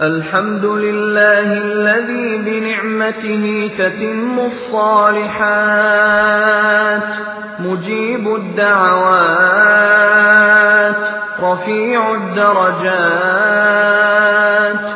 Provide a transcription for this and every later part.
الحمد لله الذي بنعمته تتم الصالحات مجيب الدعوات رفيع الدرجات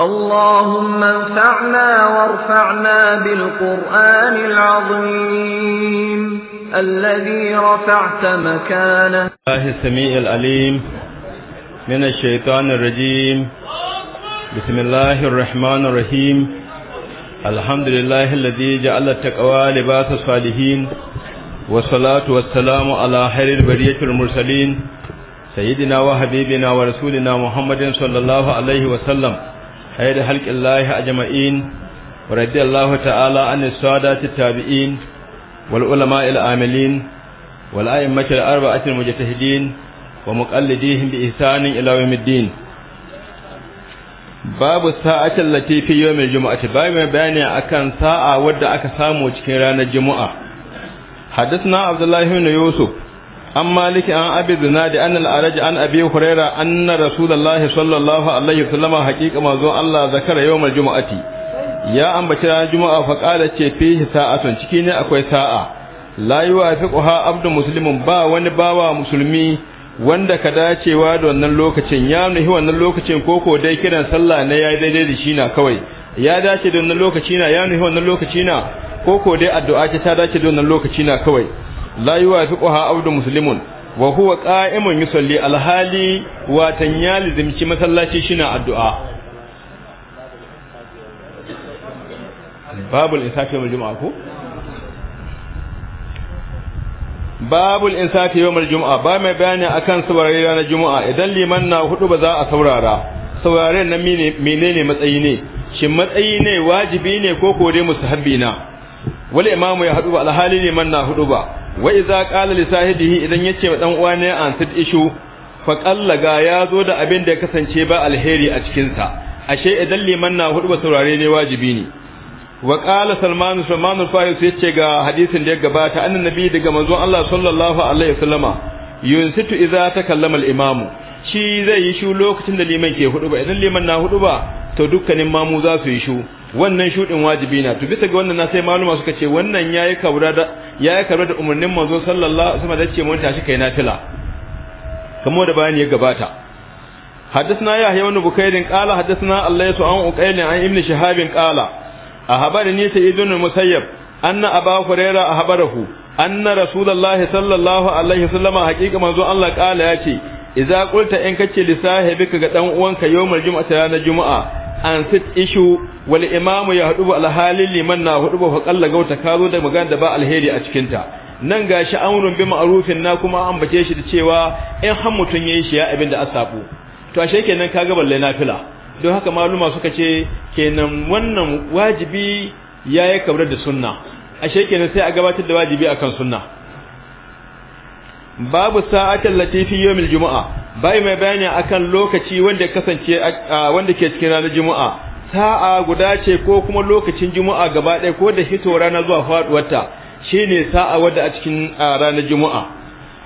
اللهم انفعنا وارفعنا بالقرآن العظيم الذي رفعت مكانه الله السميع العليم من الشيطان الرجيم بسم الله الرحمن الرحيم الحمد لله الذي جعل التقوى لباس الصالحين والصلاة والسلام على خير البرية المرسلين سيدنا وحبيبنا ورسولنا محمد صلى الله عليه وسلم خير خلق الله أجمعين ورضي الله تعالى عن السادة التابعين والعلماء العاملين والأئمة الأربعة المجتهدين ومقلديهم بإحسان إلى يوم الدين babu sa'atin latifi yawmin jumu'ati bai mai bayani akan sa'a wadda aka samu cikin ranar jumu'a haddathna abdullahi ibn yusuf an maliki an abi zinadi an al'araji an abi huraira anna rasulullahi sallallahu alaihi sallama haqiqa mazo Allah zakara yawmal jumu'ati ya ambaci ranar juma'a fa qala ce fihi sa'atun ciki ne akwai sa'a la yuwafiquha abdu muslimun ba wani bawa musulmi wanda ka dacewa da wannan lokacin ya nuhi wannan lokacin koko dai kiran sallah ne yi daidai da shi na kawai ya dace da wannan lokaci na ya nuhi wannan lokaci na koko dai addu'a ce ta dace da wannan lokaci na kawai la yuwafiquha abdu muslimun wa huwa qa'imun yusalli alhali wa tanyali zimci masallaci shina addu'a babul insafi yawmal jumu'a ko babul insafi yawmal jumu'a ba mai bayani akan saurari ranar jumu'a idan liman na hudu ba za a saurara Saurari na nan ne matsayi ne shin matsayi ne wajibi ne ko kore musahabbi na wal imamu ya hadu alhali liman na hudu ba wa idza qala li sahibihi idan yace dan uwa ne an sit ishu fa qallaga ya zo da abin da ya kasance ba alheri a cikin sa ashe idan liman na hudu ba saurare ne wajibi ne wa qala salman salman al-faris yace ga hadisin da ya gabata annabi daga manzon Allah sallallahu alaihi wasallama yunsitu idza takallama al-imamu shi zai yi shu lokacin da liman ke hudu ba idan liman na hudu ba to dukkanin mamu za su yi shu wannan shudin wajibi na to bisa ga wannan na sai maluma suka ce wannan yayi kabura da yayi kabura da umarnin manzo sallallahu alaihi wasallam da ce mun tashi kai nafila kamar da bayani ya gabata حدثنا يحيى بن بكير قال حدثنا الليث عن عقيل عن ابن شهاب قال أخبرني سيد بن المسيب أن أبا هريرة أخبره أن رسول الله صلى الله عليه وسلم حقيقة منذ الله قال يأتي idza qulta in kace li sahibika ga dan uwanka yawmal jumu'ati na juma'a an sit ishu wal imamu ya hudu al halil liman na hudu fa qalla gauta kazo da magana da ba alheri a cikin ta nan gashi amrun bi ma'rufin na kuma an bace shi da cewa in han mutun yayi shi ya abin da asabu to ashe kenan kaga balle nafila don haka maluma suka ce kenan wannan wajibi yayi kabrar da sunna ashe kenan sai a gabatar da wajibi akan sunna babu sa'atan latifi yawmil juma'a bai mai bayani akan lokaci wanda kasance wanda ke cikin ranar juma'a sa'a guda ce ko kuma lokacin juma'a gaba ɗaya ko da hito rana zuwa faduwarta shine sa'a wadda a cikin ranar juma'a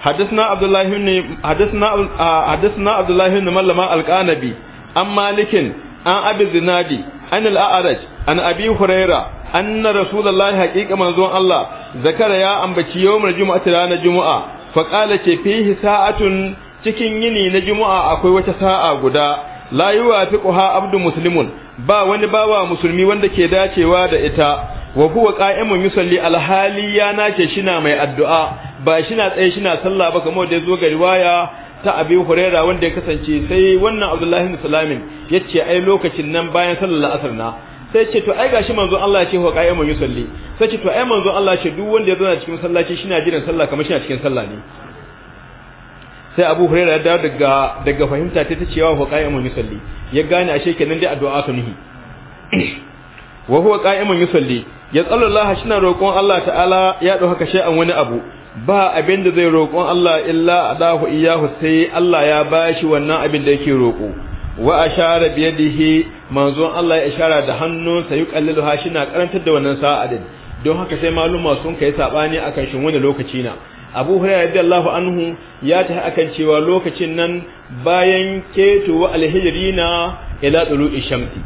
حدثنا عبد الله بن حدثنا حدثنا عبد الله بن ملما القانبي عن مالك عن ابي الزنادي عن الاعرج عن ابي هريره ان رسول الله حقيقه منزون الله ذكر يا امبتي يوم الجمعه ranar juma'a. faƙala ce fihi sa'atun cikin yini na juma'a akwai wata sa'a guda la yuwafiquha abdu muslimun ba wani bawa musulmi wanda ke dacewa da ita wa huwa qa'imun yusalli alhali ya nace shina mai addu'a ba shina tsaye shina sallah ba kamar da zo ga riwaya ta abi huraira wanda ya kasance sai wannan abdullahi bin salamin yace ai lokacin nan bayan sallar asar na sai ce to ai gashi manzon Allah ya ce wa qa'imun yusalli sai ce to ai manzon Allah ce duk wanda ya zauna cikin sallaci shi na jiran sallah kamar shi na cikin sallah ne sai Abu Hurairah ya dawo daga daga fahimta ta ce wa qa'imun yusalli ya gane ashe kenan dai addu'a ka nuhi wa huwa qa'imun yusalli ya tsalla Allah shi na roƙon Allah ta'ala ya dauka kashe an wani abu ba abin da zai roƙon Allah illa adahu iyahu sai Allah ya bashi wannan abin da yake roƙo wa ashara bi yadihi manzon Allah ya ishara da hannunsa yuqallilu ha na karantar da wannan sa'a din don haka sai maluma sun kai sabani akan shin wani lokaci na Abu Hurairah radiyallahu anhu ya ta akan cewa lokacin nan bayan keto wa alhijrina ila tulu'i shamsi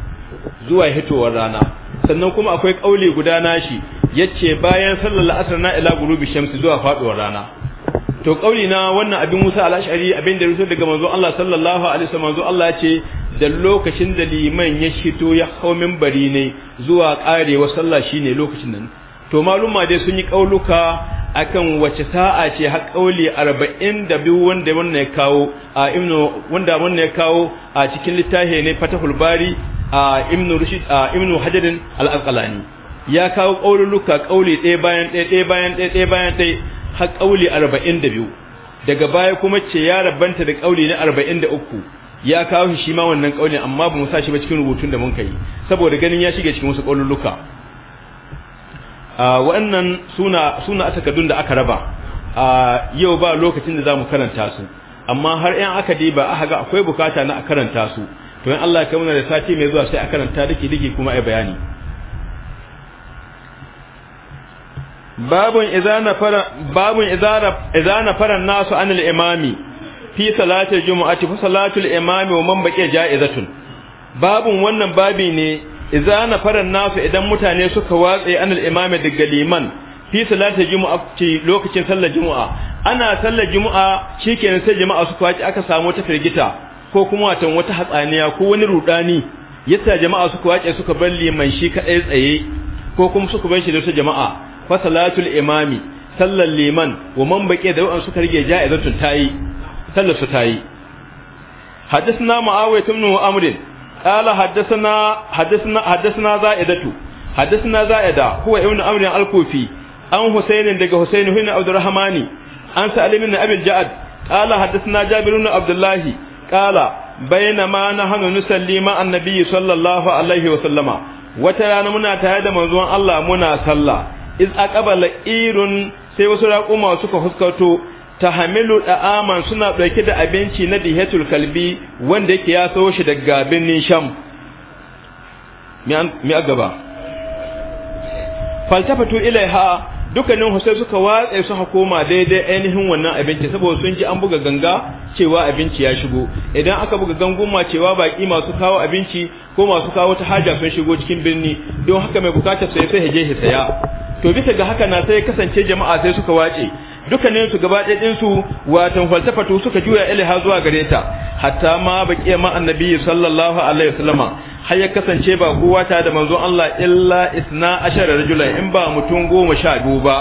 zuwa hitowar rana sannan kuma akwai kauli guda nashi yace bayan sallar la'asar na ila gurubi shamsi zuwa faɗuwar rana to kauli na wannan abin Musa al-Ash'ari abin da rusul daga manzo Allah sallallahu alaihi wasallam manzo Allah ya ce da lokacin da liman ya shito ya hau minbari ne zuwa wa sallah shine lokacin nan to maluma dai sun yi kauluka akan wace sa'a ce har kauli 42 wanda wannan ya kawo a ibnu wanda wannan ya kawo a cikin littafi ne fatahul Bari a ibnu rushid a ibnu Hajar al-Asqalani ya kawo kauluka kauli ɗaya bayan ɗaya ɗaya bayan ɗaya ɗaya bayan ɗaya har da biyu daga baya kuma ce ya rabanta da ƙauli na arba'in da uku ya kawo shi ma wannan kaulin amma ba mu sa shi ba cikin rubutun da mun kai saboda ganin ya shiga cikin wasu kaululuka wannan suna suna takardun da aka raba yau ba lokacin da za mu karanta su amma har yan aka ba aka ga akwai bukata na a karanta su to in Allah ya kai mana da sati mai zuwa sai a karanta dake dake kuma ai bayani babun izana fara nasu anil imami fi salatul jumu'ati fa salatul imami wa man baqiya ja'izatun babun wannan babi ne izana fara nasu idan mutane suka watsa anil imami daga liman fi salatul jumu'ati lokacin sallar jumu'a ana sallar jumu'a shikenan sai jama'a su kwaci aka samu ta firgita ko kuma watan wata hatsaniya ko wani rudani yasa jama'a suka wace suka bar liman shi kadai tsaye ko kuma suka bar shi da jama'a fasalatul imami sallar liman wa man baqiya da wa'an suka rige ja'izatun tayi sallar su tayi hadathna muawiyah ibn amr qala hadathna hadathna hadathna za'idatu hadathna za'ida huwa ibn amr al-kufi an husayn daga husayn ibn abd arrahmani an sa'al min abi al-ja'd qala hadathna jabir ibn abdullah qala bainama nahnu nusalli ma an-nabi sallallahu alaihi wa sallama wata rana muna tare da manzon Allah muna sallah iz aqbala irun sai wasu raquma suka huskato tahamilu da'aman suna dauke da abinci na dihatul kalbi wanda yake ya sawo shi daga birnin sham mi gaba faltafatu ilaiha dukkanin husai suka watsa su hukuma daidai ainihin wannan abinci saboda sun ji an buga ganga cewa abinci ya shigo idan aka buga ganguma cewa baki masu kawo abinci ko masu kawo ta haja sun shigo cikin birni don haka mai bukatar sai sai ya je saya to bisa ga haka na sai kasance jama'a sai suka wace dukkanin su gaba ɗaya su watan falsafatu suka juya ilaha zuwa gare ta hatta ma baki ma annabi sallallahu alaihi wasallama har ya kasance ba kowa ta da manzon Allah illa isna ashara rajulan in ba mutum goma sha biyu ba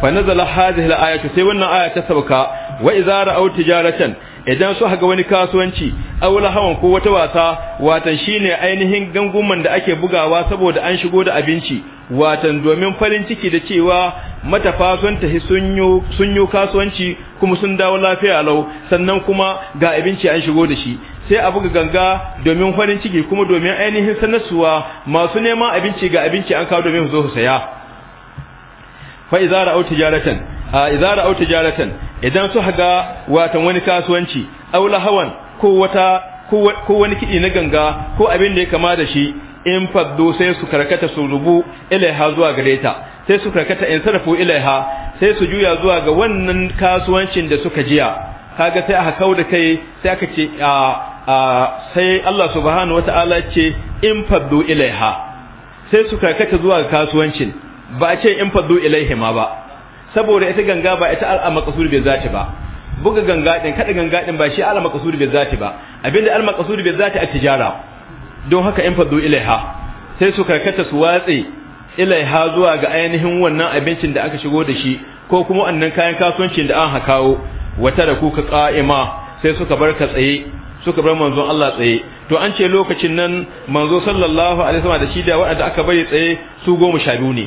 fa nazala hadhihi al-ayatu sai wannan aya ta sauka wa idza ra'aw tijaratan idan su haga wani kasuwanci aula hawan ko wata wasa watan shine ainihin ganguman da ake bugawa saboda an shigo da abinci watan domin farin ciki da cewa matafa sun ta sun kasuwanci kuma sun dawo lafiya lau sannan kuma ga abinci an shigo da shi sai a buga ganga domin farin ciki kuma domin ainihin sanarsuwa masu neman abinci ga abinci an kawo domin su zo su saya fa idza ra'aw tijaratan idza ra'aw tijaratan idan su haga watan wani kasuwanci aw hawan ko wata ko wani kidi na ganga ko abin da ya kama da shi in faddo sai su karkata su rubu ilaiha zuwa gare sai su karkata in sarfu ilaiha sai su juya zuwa ga wannan kasuwancin da suka jiya kaga sai aka kauda kai sai aka ce sai Allah subhanahu wata'ala ce in faddo ilaiha sai su karkata zuwa ga kasuwancin ba a ce in faddo ilaihima ba saboda ita ganga ba ita al maqsur bi zati ba buga ganga din kada ganga din ba shi al maqsur bi zati ba abinda al maqsur bi zati at-tijara don haka in fadu ilaiha sai su karkata su watse ilaiha zuwa ga ainihin wannan abincin da aka shigo da shi ko kuma wannan kayan kasuwancin da an hakawo wata da kuka qa'ima sai suka bar ka tsaye suka bar manzon Allah tsaye to an ce lokacin nan manzo sallallahu alaihi wasallam da shi da waɗanda aka bari tsaye su goma sha biyu ne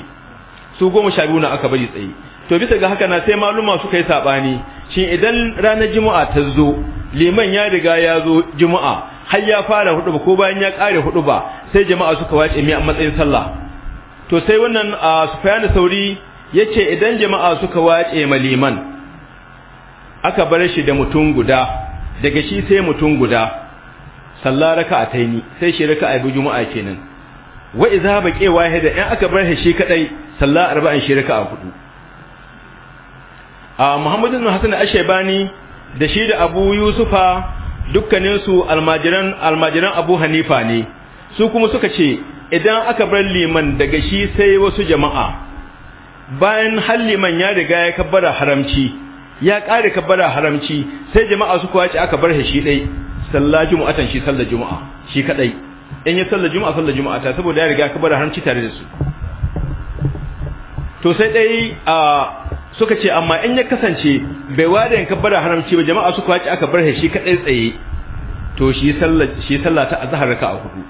su goma sha biyu na aka bari tsaye to bisa ga haka na sai maluma suka yi sabani shi idan ranar juma'a ta zo liman ya riga ya zo juma'a har ya fara hudu ko bayan ya kare hudu ba sai jama'a suka wace mi a matsayin sallah to sai wannan Sufyan Sauri yace idan jama'a suka wace ma liman aka bar shi da mutum guda daga shi sai mutum guda sallah raka'ataini sai shi raka'a bi juma'a kenan wa idza baqiya wahida in aka bar shi kadai sallah arba'in shi raka'a hudu a muhammadu bin hasan ashebani da shi da abu yusufa dukkaninsu almajiran almajiran abu hanifa ne su kuma suka ce idan aka bar liman daga shi sai wasu jama'a bayan har liman ya riga ya kabbara haramci ya kare kabbara haramci sai jama'a su kuwa ce aka bar shi dai sallah jumu'atan shi sallar jumu'a shi kadai in ya sallar jumu'a sallar jumu'a ta saboda ya riga kabbara haramci tare da su to sai dai a suka ce amma in ya kasance bai wada yanka bara haramci ba jama'a suka wace aka bar shi kadai tsaye to shi sallah shi sallah ta azhar raka a hudu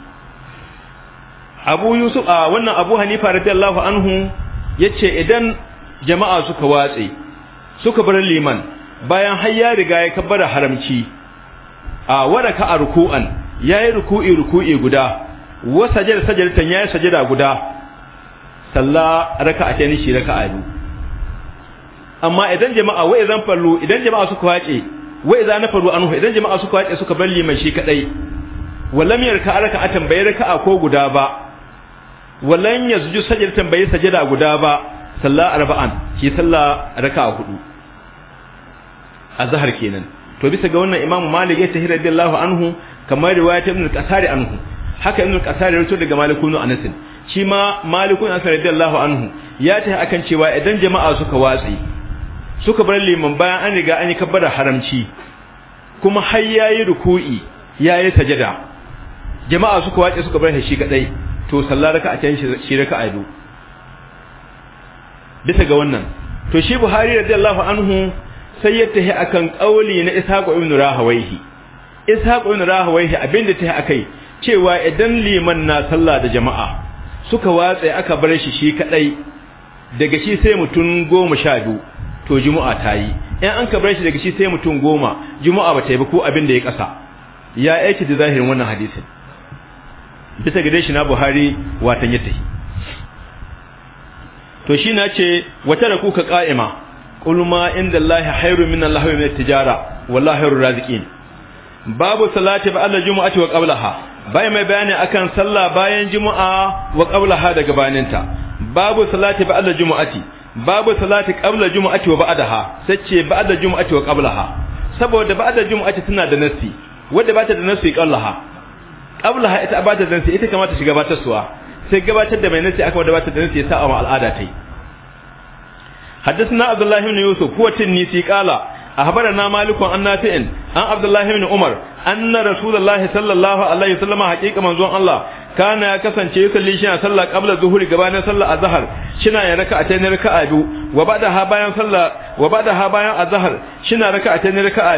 Abu Yusuf a wannan Abu Hanifa radiyallahu anhu yace idan jama'a suka watse suka bar liman bayan har ya riga ya kabbara haramci a ka a ruku'an yayi ruku'i ruku'i guda wa sajjal tan yayi sajada guda sallah raka'a ta ni shi raka'a biyu amma idan jama'a wai idan fallu idan jama'a suka wace wai idan na faru anhu idan jama'a suka wace suka balli mai shi kadai wallam yarka araka a tambaye raka'a ko guda ba wallan yasju sajda tambaye sajda guda ba sallah arba'an shi sallah raka hudu azhar kenan to bisa ga wannan imamu malik ya tahira radiyallahu anhu kamar riwayat ibn al-qasari anhu haka ibn al-qasari rawaito daga malikun anas shi ma malikun anas radiyallahu anhu ya ta akan cewa idan jama'a suka watsi suka bar liman bayan an riga an yi kabbara haramci kuma har yayi ruku'i yayi sajada jama'a suka wace suka bar shi kadai to sallar raka a can shi raka a biyu bisa ga wannan to shi Buhari radiyallahu anhu sai ya tahi akan kauli na Ishaq ibn Rahawayhi Ishaq ibn Rahawayhi abinda tahi akai cewa idan liman na sallah da jama'a suka watsa aka bar shi shi kadai daga shi sai mutum goma sha biyu to juma'a ta yi in an kabar shi daga shi sai mutum goma juma'a ba ta yi ba ko abin da ya kasa ya aiki da zahirin wannan hadisin bisa ga shi na buhari watan yadda yi. to shi na ce wata da kuka ka'ima kulma inda lahi hairu min Allah wa tijara wallahi hairu raziqin babu salati ba Allah jumu'ati wa qablaha bai mai bayani akan sallah bayan juma'a wa qablaha daga gabaninta babu salati ba Allah jumu'ati babu salati qabla jumu'ati wa ba'daha sace ba'da jumu'ati wa qablaha saboda ba'da jumu'ati tana da nasi wanda bata da nasi qablaha qablaha ita bata da nasi ita kamata shiga bata suwa sai gabatar da mai nasi aka wanda bata da nasi ya sa'a ma al'ada tai حدثنا عبد الله بن يوسف هو التنيسي قال أخبرنا مالك عن نافع عن عبد الله بن عمر أن رسول الله صلى الله عليه وسلم حقيقة منزون الله كان كسن يصلي شيئا صلى قبل الظهر قبل صلى الظهر shina ya raka a tani raka a biyu wa ba'da ha bayan sallah wa ba'da ha bayan azhar shina raka a tani raka a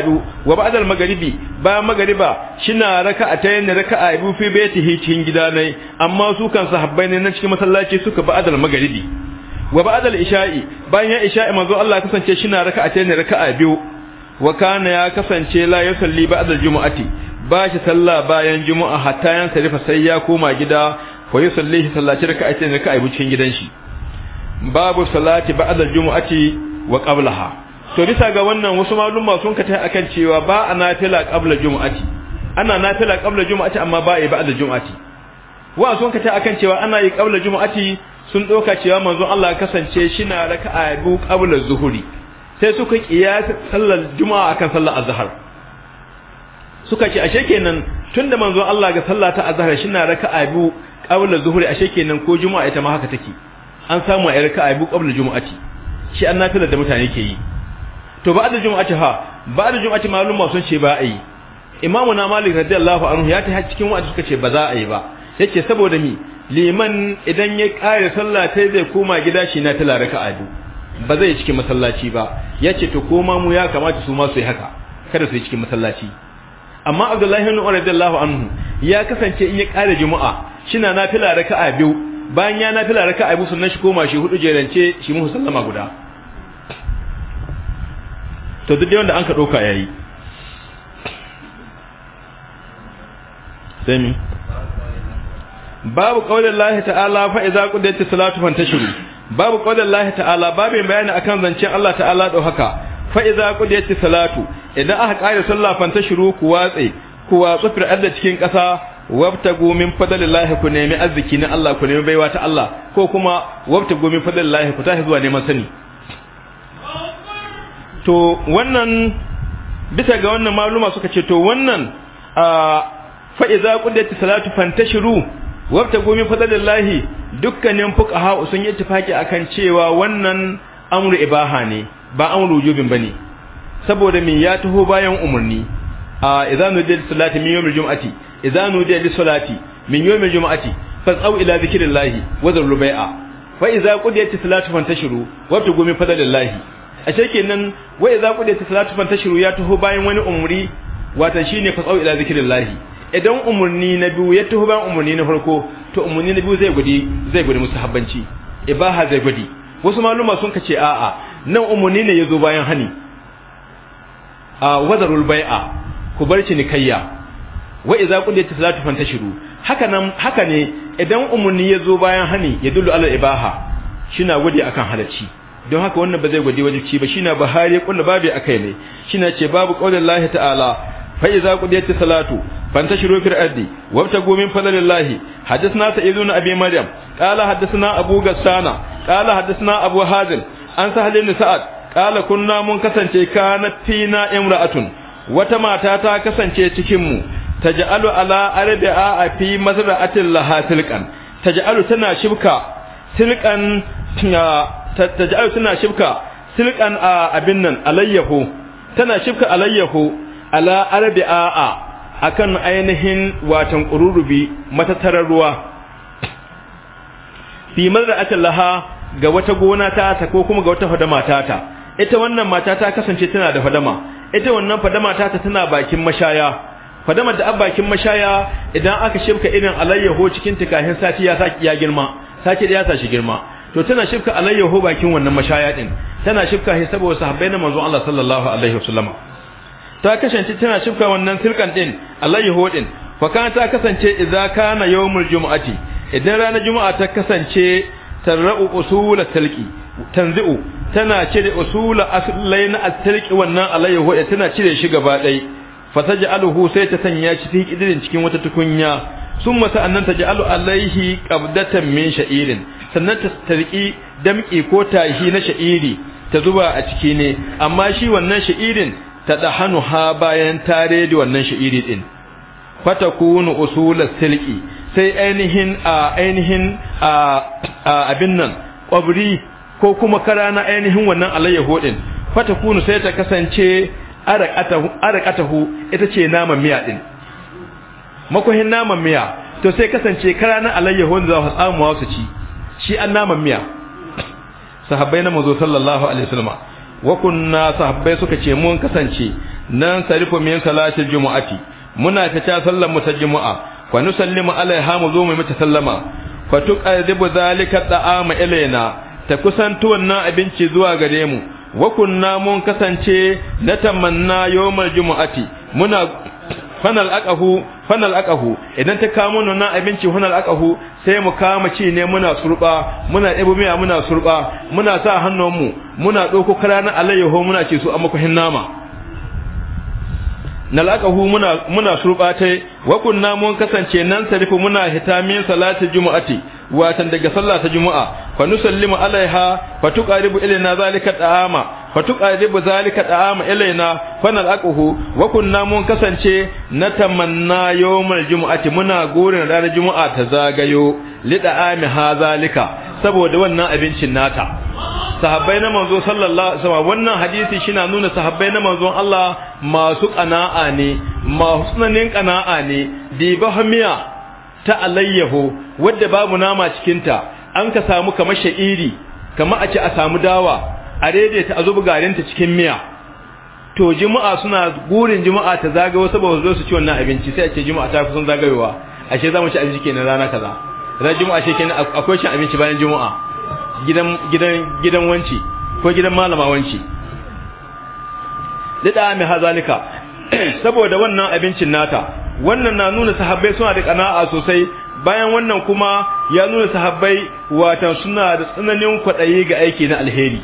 wa ba'da al-maghribi bayan maghriba shina raka a tani raka a biyu fi baitihi cikin gida ne amma su kan sahabbai ne na cikin masallaci suka ba'da al-maghribi wa ba'da al-isha'i bayan ya isha'i manzo Allah kasance shina raka a tani raka a biyu wa kana ya kasance la yusalli ba'da al-jumu'ati ba shi sallah bayan juma'a hatta yan sarifa sai ya koma gida fa yusalli sallaci raka'a tani raka'a cikin gidan shi babu salati ba'da jumu'ati wa qablaha to bisa ga wannan wasu malumma sun ka tai akan cewa ba a nafila qabla jumu'ati ana nafila qabla jumu'ati amma ba a ba'da jumu'ati wa sun ka tai akan cewa ana yi qabla jumu'ati sun doka cewa manzon Allah kasance shi na raka'a bu qabla zuhuri sai suka kiyasa sallar juma'a akan sallar azhar suka ce ashe kenan tunda manzon Allah ga sallata azhar shi na raka'a bu qabla zuhuri ashe kenan ko juma'a ita ma haka take an samu a yarka a yi buƙabla juma'ati shi an nafilar da mutane ke yi to ba da juma'ati ha ba da juma'ati malum sun ce ba a yi imamu na malik radiyallahu anhu ya ta cikin wa'azi suka ce ba za a yi ba yace saboda mi liman idan ya kare sallah ta zai koma gida shi na tala a biyu ba zai cikin masallaci ba yace to koma mu ya kamata su ma su yi haka kada su yi cikin masallaci amma abdullahi ibn umar radiyallahu anhu ya kasance in ya kare juma'a shina nafila raka'a biyu bayan ya nafila raka a musu na shi koma shi hudu jerance shi muhu sallama guda to duk wanda an ka ɗauka ya yi sai babu ƙaunar lahi ta'ala fa'iza ƙudai ta salatu shiru babu ƙaunar lahi ta'ala babu yin bayani akan zancen Allah ta'ala ɗau haka fa'iza ƙudai ta salatu idan aka ƙare sallah fantashiru ku watse ku watsu fir'ar da cikin ƙasa wabtagu min fadlillahi ku nemi arziki na Allah ku nemi baiwa ta Allah ko kuma wabtagu min fadlillahi ku tashi zuwa neman sani to wannan bisa ga wannan maluma suka ce to wannan fa idza qudati salatu fantashiru wabtagu min fadlillahi dukkanin fuqaha sun yi tafaki akan cewa wannan amru ibaha ne ba amru wujubin bane saboda min ya taho bayan umurni idza nudiya lis-salati min yawmil jum'ati idza nudiya lis-salati min yawmil jum'ati fas'au ila dhikrillahi wa dharul bai'a fa idza qudiyat as-salatu fantashiru wa tugumi fadlillahi ashe kenan wa idza qudiyat as-salatu fantashiru ya taho bayan wani umri wata shine fas'au ila dhikrillahi idan umurni na biyu ya taho bayan umurni na farko to umurni na biyu zai gudi zai gudi musahabbanci ibaha zai gudi wasu maluma sun kace a'a nan umurni ne yazo bayan hani a wadarul ku bar shi kayya. wa idza qulti fala tafantashiru haka nan haka ne idan umarni ya zo bayan hani ya dullu ala ibaha shina gudi akan halacci don haka wannan ba zai gudi wajibci ba shina bahari ya kulla babu akai ne shina ce babu qawlin lahi ta'ala fa idza qulti salatu fantashiru fil ardi wabtagu min fadli lahi hadathna sa'iduna abi maryam qala hadathna abu gassana qala hadathna abu hazim an sahal ibn sa'ad qala kunna mun kasance kanatina ra'atun. wata mata ta kasance cikin mu taj'alu ala arba'a fi mazra'atin laha tilqan taj'alu tana shibka tilqan taj'alu tana shibka tilqan abin nan alayyahu tana shibka alayyahu ala arba'a akan ainihin watan qururubi matatarar ruwa fi mazra'atin laha ga wata gona ta ta ko kuma ga wata hadama ta ta ita wannan mata ta kasance tana da hadama ita wannan fadama ta ta tana bakin mashaya fadamar da a bakin mashaya idan aka shifka irin alayyaho cikin tikahin sati ya saki ya girma sati da ya sashi girma to tana shifka alayyaho bakin wannan mashaya din tana shifka shi saboda sahabbai na manzon Allah sallallahu alaihi wasallama ta kasance tana shifka wannan silkan din alayyaho din fa kana ta kasance idza kana yawmul jumu'ati idan ranar juma'a ta kasance tarra'u usul talqi tanzi'u tana cire usula aslain at wannan wannan ya eh, tana cire shi gaba dai fa taj'aluhu sai ta sanya shi cikin idirin cikin wata tukunya summa sa'annan taj'alu alayhi qabdatan min sha'irin sannan ta tarqi damki ko tahi na sha'iri ta zuba a ciki ne amma shi wannan sha'irin ta dahanu ha bayan tare da wannan sha'iri din fatakunu usulat silki sai ainihin a ainihin a abin nan kwabri ko kuma kara na ainihin wannan alayyahu din fatakunu sai ta kasance arqatahu arqatahu ita ce naman miya din makohin naman miya to sai kasance kara na alayyahu za su samu wasu ci shi an naman miya sahabbai na muzo sallallahu alaihi wasallam wa kunna sahabbai suka ce mun kasance nan sarifu min salatil jumu'ati muna ta sallar mu ta jumu'a fa nusallimu alaiha mu zo mu mata sallama fa tuqadibu zalika ta'ama ilaina ta kusanto wannan abinci zuwa gare mu wa kunna mun kasance na tamanna yawmal jumu'ati muna fanal aqahu fanal aqahu idan ta mun wannan abinci fanal aqahu sai mu kama ci ne muna surba muna ɗebo miya muna surba muna sa hannunmu muna ɗauko karana alayyaho muna ce su a makuhin nama nalaqahu muna muna tai wa kunna mun kasance nan sarifu muna hitamin salati jumu'ati watan daga sallah ta jumu'a fa nusallimu alaiha fa tuqaribu ilaina zalika da'ama fa tuqaribu zalika da'ama ilaina fa nalqahu wa kunna mun kasance na tamanna yawmal jumu'ati muna gurin ranar jumu'a ta zagayo lida'ami da'ami ha zalika saboda wannan abincin nata sahabbai na manzo sallallahu alaihi wasallam wannan hadisi shi na nuna sahabbai na manzon Allah masu qana'a ne masu tsananin qana'a ne dibahmiya ta alayyahu wadda babu nama cikinta an ka samu kamar sha'iri kamar a ce a samu dawa a daidaita a zuba garinta cikin miya to jima'a suna gurin jima'a ta zagayo saboda zo su ci wannan abinci sai a ce jima'a ta kusan zagayowa ashe za mu ci abinci kenan rana kaza ran jima'a shi kenan akwai shi abinci bayan jima'a gidan gidan gidan wanci ko gidan malama wanci lida mai hazalika saboda wannan abincin nata wannan na nuna sahabbai suna da kana'a sosai bayan wannan kuma ya nuna sahabbai watan suna da tsananin kwaɗayi ga aiki na alheri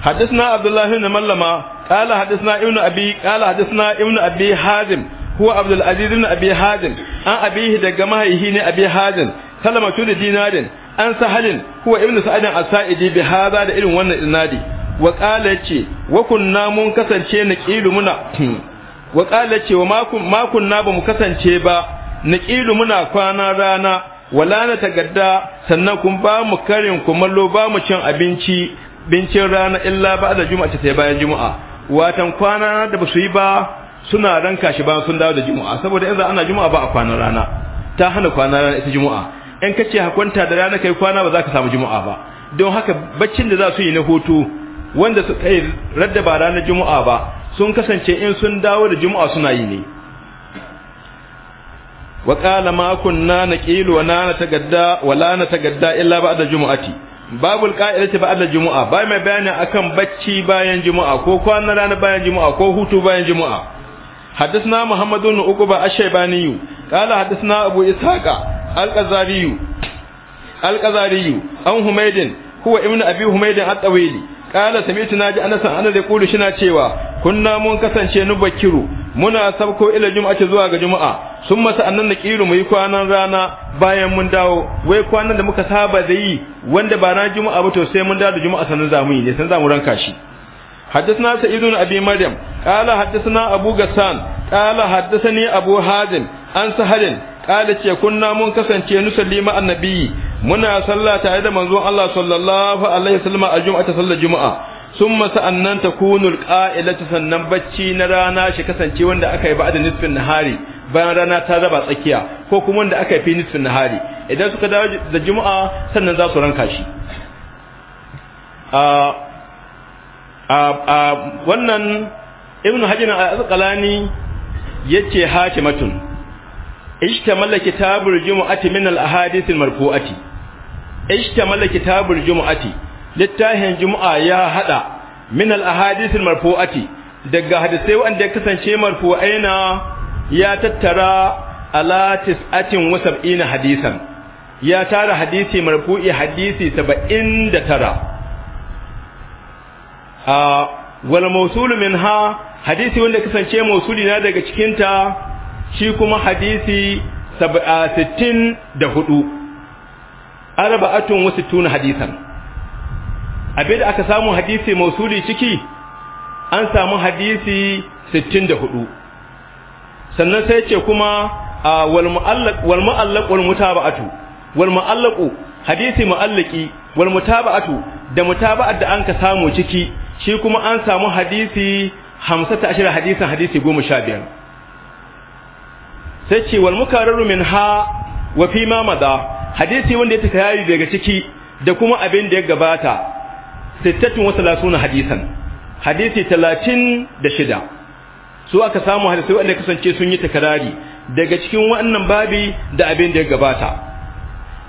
hadisna abdullah الله Mallama. qala hadisna حدثنا abi qala hadisna حدثنا abi hazim huwa هو aziz العزيز abi hazim an abihi daga mahaihi ne abi hazim kalma tu da dinarin an sahalin huwa ibnu sa'id al saidi bi hada da irin wannan isnadi wa qala yace wa kunna mun kasance na qilu muna wa qala yace wa ma kun ma kunna ba mu kasance ba naqilu muna kwana rana wala na tagadda sannan kun ba mu karin kumallo ba mu cin abinci bincin rana illa ba da juma'a ta bayan juma'a watan kwana da ba su yi ba suna ranka shi bayan sun dawo da juma'a saboda yanzu ana juma'a ba a kwana rana ta hana kwana rana ita juma'a in ka ce hakunta da rana kai kwana ba za ka samu juma'a ba don haka baccin da za su yi na hutu wanda su kai radda ba ranar juma'a ba sun kasance in sun dawo da juma'a suna yi ne wa makon ma kunna naqilu wa la natagadda wa la natagadda illa ba'da jumu'ati babul qa'ilati ba'da jumu'a bai mai bayani akan bacci bayan jumu'a ko kwana rana bayan jumu'a ko hutu bayan jumu'a حدثنا محمد بن عقبة الشيباني قال حدثنا أبو إسحاق القزاري القزاري عن حميد هو ابن أبي حميد الطويلي قال سمعت ناجي أنس أنا يقول شنا cewa kunna mun kasance nubakiru muna sabko ila ce zuwa ga juma'a sun masa annan da kiru mu yi kwanan rana bayan mun dawo wai kwanan da muka saba da yi wanda ba na jumu'a ba to sai mun dawo da jumu'a sanin zamu yi ne san zamu ranka shi حدثنا سعيد بن ابي مريم قال abu Gassan, غسان قال حدثني ابو حازم عن سهل ce kunna mun kasance nusalli ma annabi muna sallah tare da manzon Allah sallallahu alaihi wasallam a jumu'a ta sallar Sun summa sa'annan takunu alqa'ilatu sannan bacci na rana shi kasance wanda aka yi da nisfin nahari bayan rana ta raba tsakiya ko kuma wanda aka yi fi nisfin nahari idan suka dawo da juma'a sannan za su ranka shi a a wannan ibn hajar al-asqalani yace hakimatun ishtamala kitabul jumu'ati min al-ahadith al-marfu'ati ishtamala kitabul jumu'ati littafin juma'a ya hada min al ahadithil marfu'ati daga hadisai wanda ya kasance marfu'aina ya tattara ala tis'atin wa sab'ina hadisan ya tara hadisi marfu'i hadisi saba'in da tara. a wal mawsul minha hadisi wanda kasance mawsuli na daga cikinta shi kuma hadisi saba'a sittin da 64 arba'atun wa 60 hadisan abin da aka samu hadisi mausuli ciki an samu hadisi 64 sannan sai ce kuma wal mu'allaq wal mu'allaq wal mutaba'atu wal mu'allaq hadisi mu'allaki wal mutaba'atu da mutaba'at da an ka samu ciki shi kuma an samu hadisi 15 hadisin hadisi 15 sai ce wal mukarraru ha wa fi ma madha hadisi wanda ya taka daga ciki da kuma abin da ya gabata sittatun wasu lasuna hadisan hadisi talatin da shida su aka samu hadisi, wanda kasance sun yi takarari daga cikin wannan babi da abin da ya gabata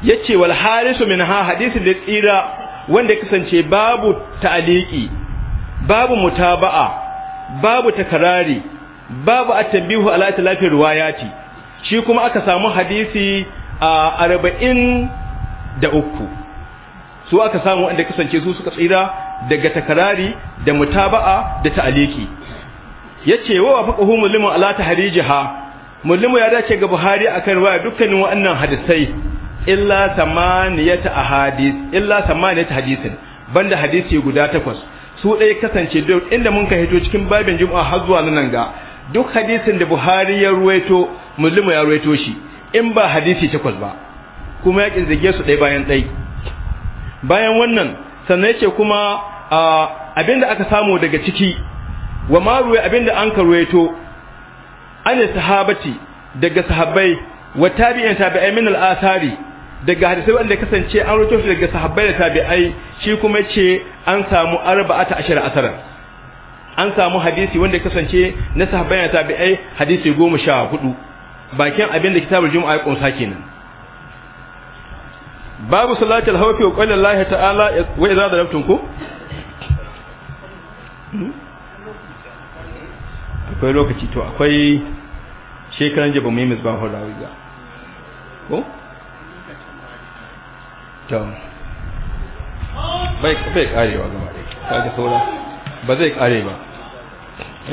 yace wal harisu min ha hadisi da tsira wanda ya kasance babu ta'aliki babu mutaba'a babu takarari babu atambihu ala talafi riwayati shi kuma aka samu hadisi a arba'in da uku su aka samu wanda kasance su suka tsira daga takarari da mutaba'a da ta'aliki yace wa wafaqahu mulimu ala tahrijiha mulimu ya dace ga buhari akan waya dukkanin wa'annan hadisai illa samaniyata ahadith illa samaniyata hadithin banda hadisi guda takwas su dai kasance duk inda mun ka hito cikin babin jumu'a har zuwa nan ga duk hadisin da buhari ya ruwaito mulimu ya ruwaito shi in ba hadisi takwas ba kuma ya kinzige su ɗaya bayan dai. bayan wannan sannan yake kuma abinda aka samu daga ciki wa ma ruwa abinda an karwaito an sahabati daga sahabbai wa tabi'in tabi'ai min al-athari daga hadisai wanda kasance an roto shi daga sahabbai da tabi'ai shi kuma ce an samu arba'ata ashara asara an samu hadisi wanda kasance na sahabbai da tabi'ai hadisi 14 bakin abin da kitabul jumu'a ya kunsa kenan babu salatul hawfi wa qala Allah ta'ala wa idza darabtum ku hmm? akwai lokaci to akwai shekaran jiba mu yi misbahun rawiya ko to bai bai karewa gaba ɗaya kaga saura ba zai kare ba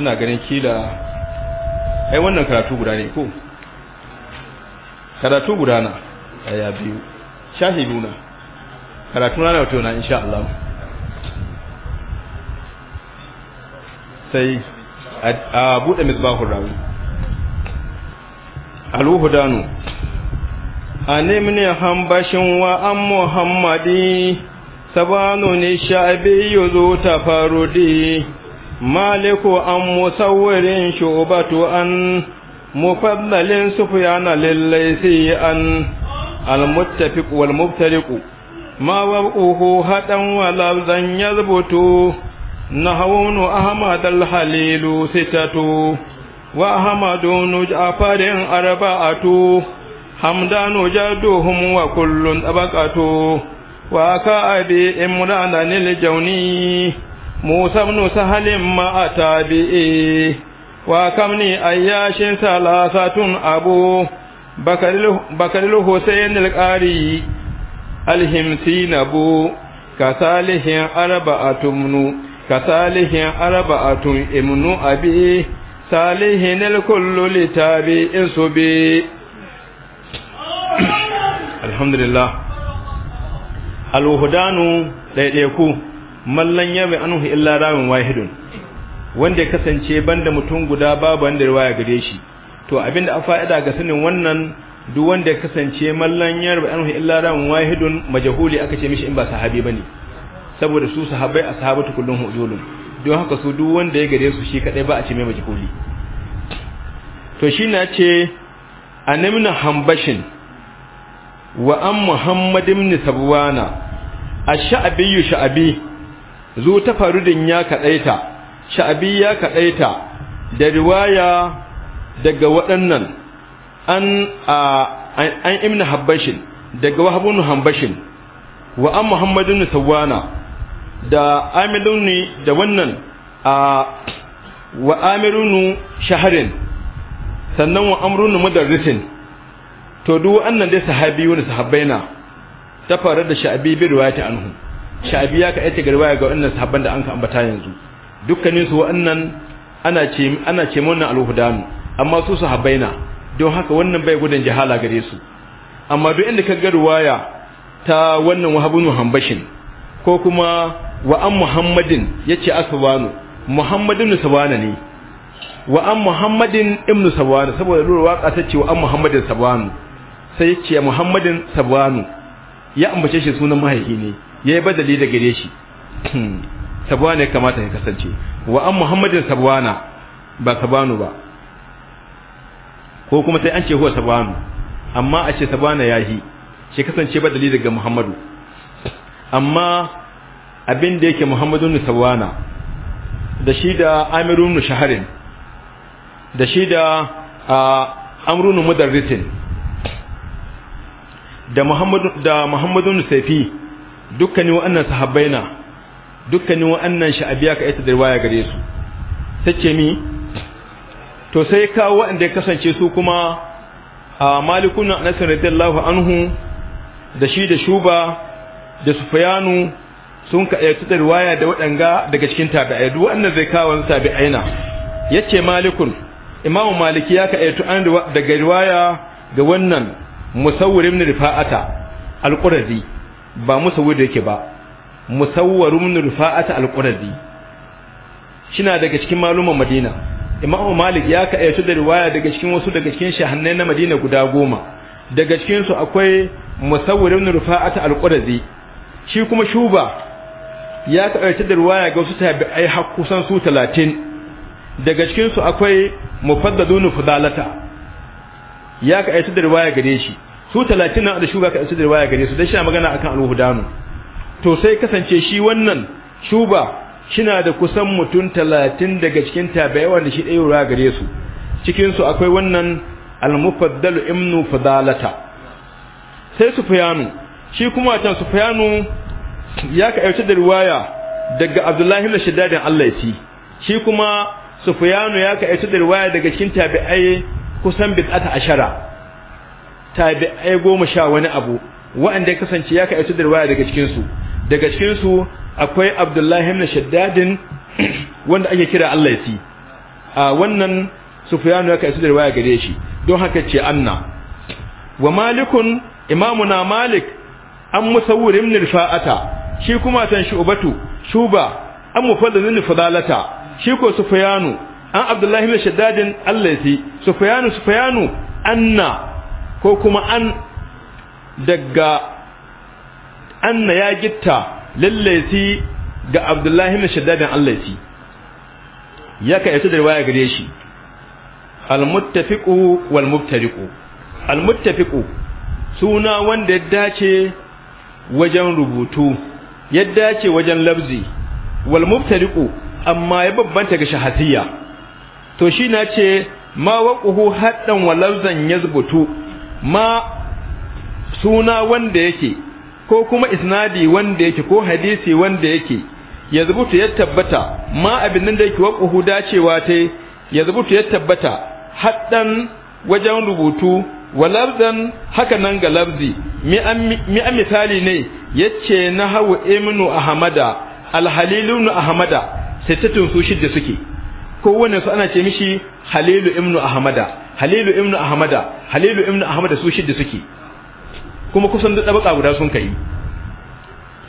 ina ganin kila ai wannan karatu guda ne ko karatu guda na aya biyu shahiduna karatu na wato na insha Allah sai a bude misbahur rawi alhudanu anim ne hambashin wa an muhammadi sabano ne sha'abi yuzu tafarudi maliku an musawirin shubatu an mufaddalin sufyana sai an المتفق والمفترق ما وقعه هدا ولفظا يضبط نهون أحمد الحليل ستة وأحمد جعفر أربعة حمدان جدهم وكل طبقة أبي إمران الجوني موسى بن سهل ما أتى به وكمني أياش ثلاثة أبوه bakar al-husayn al-qari al-himsina bu kasalihin arba'atun kasalihin arba'atun imnu abi salihin al-kullu litabi insubi alhamdulillah al-wahdanu daidaiku mallan yabi anhu illa rawin wahidun wanda kasance banda mutum guda babu wanda riwaya gare shi to abinda a fa'ida ga sanin wannan duk wanda ya kasance mallan yarba anhu illa ran wahidun majhuli aka ce mishi in ba sahabi bane saboda su sahabbai ashabatu kullun hujulun don haka su duk wanda ya gare su shi kadai ba a ce mai majhuli to shi na ce anamna hambashin wa an muhammad ibn sabwana ash-sha'bi yush'abi zu tafarudin ya kadaita sha'bi ya kadaita da riwaya daga waɗannan an an habashin daga wahabun habashin wa an muhammadun sawwana da amilun da wannan a wa amirunu shaharin sannan wa amrunu mudarrisin to duk wannan dai sahabi wani sahabbai na ta farar da sha'abi bi riwayati anhu sha'abi ya kai ta garwaya ga wannan sahabban da an ka ambata yanzu dukkanin su wannan ana ce ana ce mun al-hudan amma su su na don haka wannan bai gudun jahala gare su amma duk inda ka ga ruwaya ta wannan wahabun muhammad ko kuma wa an muhammadin yace aswanu muhammadin sabana ne wa an muhammadin ibnu sabana saboda lura waka ta ce wa an muhammadin sabanu sai ya ce muhammadin sabanu ya ambace shi sunan mahaifi ne yayi badali da gare shi hmm, sabana ya kamata ya kasance wa an muhammadin sabana ba sabanu ba ko kuma sai an ce huwa sabanu amma a ce sabana yahi shi kasance ba dalili daga muhammadu amma abin da yake ne sabana da shi da amirun shaharin da shi da amrun mudarrisin da muhammadu da Muhammadu ne saifi dukkanin wa'annan sahabbaina dukkanin wa'annan sha'abiya ka ita da riwaya gare su sace mi to sai kawo waɗanda ya kasance su kuma a malikun anas radiyallahu anhu da shi da shuba da sufayanu sun ka ayyatu da riwaya da waɗanga daga cikin tabi'ai duk wanda zai kawo tabi'aina yace malikun imam maliki ya ka ayyatu an daga riwaya ga wannan musawwir ibn rifa'ata al-qurazi ba musawwir yake ba musawwir ibn rifa'ata al-qurazi shina daga cikin maluman madina Imam malik ya ka ayyatu da riwaya daga cikin wasu daga cikin shahannai na madina guda goma daga cikin su akwai musawwir ibn Rufa'ah al-qurazi shi kuma shuba ya ka ayyatu da riwaya ga wasu tabi'ai har kusan su 30 daga cikin su akwai mufaddadun fudalata ya ka ayyatu da riwaya gare shi su 30 nan da shuba ka ayyatu da riwaya gare su dan shi magana akan al-hudanu to sai kasance shi wannan shuba kina da kusan mutum talatin daga cikin tabi'ai wanda shi ɗaya yura gare su cikin su akwai wannan al-mufaddal ibnu fadalata sai sufyanu shi kuma can sufyanu ya ka aiwata da riwaya daga abdullahi ibn shaddadin ci. shi kuma sufyanu ya ka aiwata da riwaya daga cikin tabi'ai kusan bid'ata ashara tabi'ai goma sha wani abu wa'anda ya kasance ya ka aiwata da riwaya daga cikin su daga cikin su akwai abdullahi ibn shaddadin wanda ake kira Allah yasi a wannan sufyanu ya kai su da riwaya gare shi don haka ce anna wa malikun imamuna malik an musawwir ibn rifa'ata shi kuma tan shubatu shuba an mufaddal ibn fadalata shi ko sufyanu an abdullahi ibn shaddadin Allah yasi sufyanu sufyanu anna ko kuma an daga anna ya gitta lallaisi ga abdullahi na shaddadin allaisi ya ka yasu da riwaya gare shi almuttafiku walmuttariku almuttafiku suna wanda ya dace wajen rubutu ya dace wajen labzi walmuttariku amma ya babbanta ga shahasiya to shi na ce ma waƙuhu haɗin wa ya zubutu ma suna wanda yake ko kuma isnadi wanda yake ko hadisi wanda yake ya zubutu ya tabbata ma abin nan da yake waƙuhu dacewa ta ya zubutu ya tabbata haddan wajen rubutu wa lafzan haka nan ga lafzi mi an misali ne yace na hawa imnu ahmada alhalilun ahmada sittatun su shidda suke kowanne su ana ce mishi halilu imnu ahmada halilu imnu ahmada halilu imnu ahmada su shidda suke kuma kusan duk ɗabaƙa guda sun kai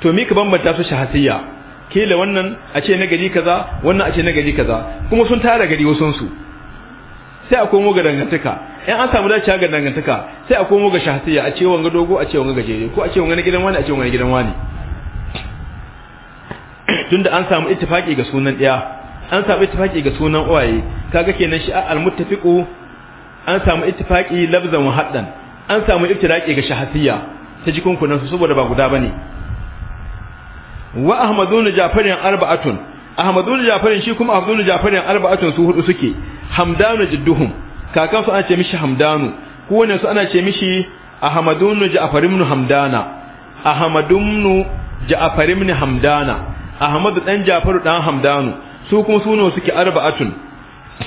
to mi ka bambanta su shahasiyya da wannan a ce na gari kaza wannan a ce na gari kaza kuma sun tara gari wasun su sai a komo ga dangantaka in an samu dacewa ga dangantaka sai a komo ga shahasiyya a ce wanga dogo a ce wanga gajere ko a ce wanga na gidan wani a ce wanga na gidan wani tunda an samu ittifaki ga sunan ɗaya an samu ittifaki ga sunan uwaye kaga kenan shi al-muttafiqu an samu ittifaki labzan wa haddan an samu iftiraki ga shahasiya ta jikunkunan su saboda ba guda bane wa ahmadun jafarin arba'atun ahmadun jafarin shi kuma ahmadun jafarin arba'atun su hudu suke hamdanu jidduhum kakan su ana ce mishi hamdanu wannan su ana ce mishi ahmadun ja'far ibn hamdana ahmadun ja'far ibn hamdana ahmadu dan jafaru dan hamdanu su kuma suno suke arba'atun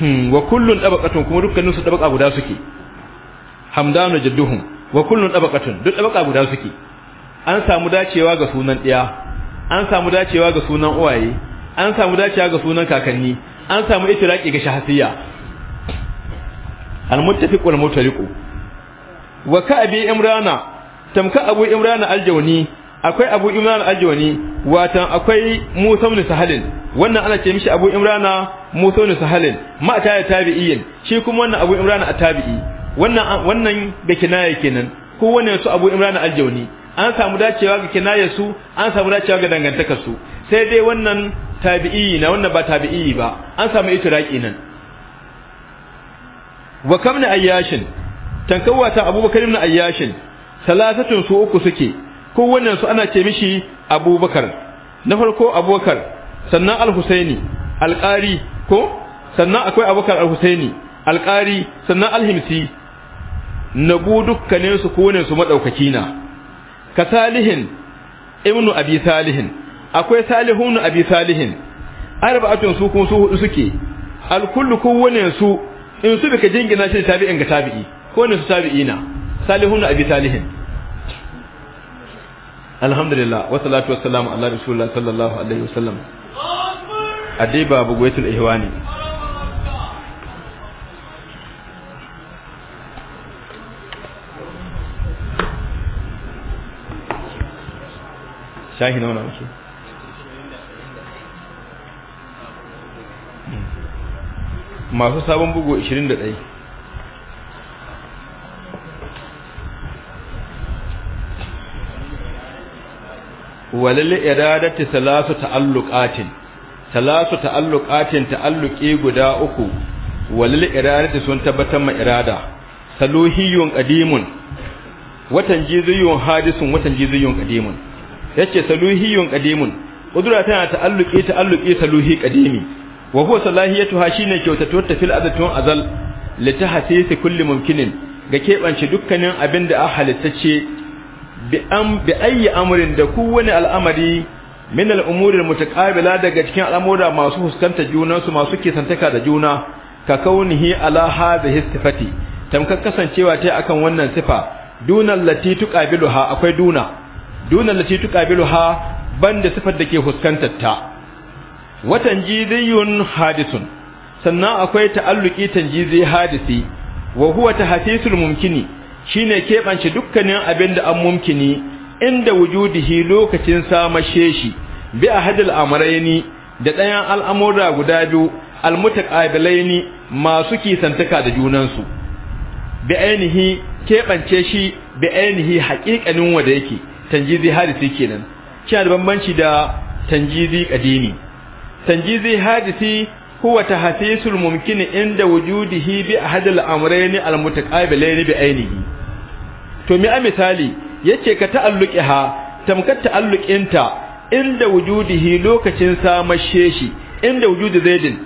hmm, wa kullun dabaqatun kuma dukkanin su dabaqa guda suke hamdanu jadduhum wa kullun tabaqatun duk dabaqa guda suke an samu dacewa ga sunan ɗaya an samu dacewa ga sunan uwaye an samu dacewa ga sunan kakanni an samu itiraki ga shahasiyya al-muttafiq wal mutariqu wa ka abi imrana tamka abu imrana al-jawni akwai abu imrana al-jawni wata akwai musa ibn sahalin wannan ana ce mishi abu imrana musa ibn sahalin ma ta tabi'in shi kuma wannan abu imrana at-tabi'i wannan wannan da kinaya kenan ko wannan su Abu Imran al-Jawni an samu dacewa ga kinaya su an samu dacewa ga dangantaka su sai dai wannan tabi'i na wannan ba tabi'i ba an samu itiraki nan wa kam na ayyashin tankawa ta Abubakar ibn Ayyashin salasatun su uku suke ko wannan su ana ce mishi Abubakar na farko Abubakar sannan Al-Husaini Al-Qari ko sannan akwai Abubakar Al-Husaini Al-Qari sannan Al-Himsi Na gu su kone su madaukaki na ka salihin ibnu abi salihin akwai salihun abi salihin arba'atun su kuma su hudu suke alkullu kowane su in su bika jingina shi tabi'in ga tabi'i kowane su tabi'ina salihun abi salihin alhamdulillah wa salatu wa salamu ala rasulullah sallallahu alaihi wasallam adiba bugwaitul ihwani shahi nawa wuce? masu sabon bugu 21 walil iradati salasu ta'alluqatin salasu ta'alluqatin ta'alluqi guda uku walil iradati sun tabbatar ma irada saluhiyun qadimun watan jiziyun hadisun watan jiziyun qadimun yace saluhiyun qadimun kudura tana ta'alluqi ta'alluqi saluhi kadimi wa huwa ha shine kyautatuwar tafil azatun azal litahsisi kulli mumkinin ga kebance dukkanin abinda a halittace bi am bi ayi amrin da kowane al'amari min al'umuri mutaqabila daga cikin al'amura masu huskanta juna su masu ke kisantaka da juna ka kaunihi ala hadhihi sifati tamkar kasancewa ta akan wannan sifa dunan lati tuqabiluha akwai duna duna lati tuqabiluha banda sifar da ke huskantar ta watan jiziyun hadisun sannan akwai ta'alluki tanjizi hadisi wa huwa tahsisul mumkini shine keɓance dukkanin abinda an mumkini inda wujudihi lokacin samashe shi bi ahadil amrayni da ɗayan al'amura guda biyu almutaqabilaini masu kisantaka da junansu bi ainihi keɓance shi bi ainihi haƙiƙanin wanda yake tanjizi hadisi kenan kina da bambanci da tanjizi qadimi tanjizi hadisi huwa tahsisul mumkin inda wujudihi bi ahad al-amrayn al bi ainihi to mi a misali yace ka ta'alluqiha tamkar ta'alluqinta inda wujudihi lokacin samashe shi inda wujudi zaidin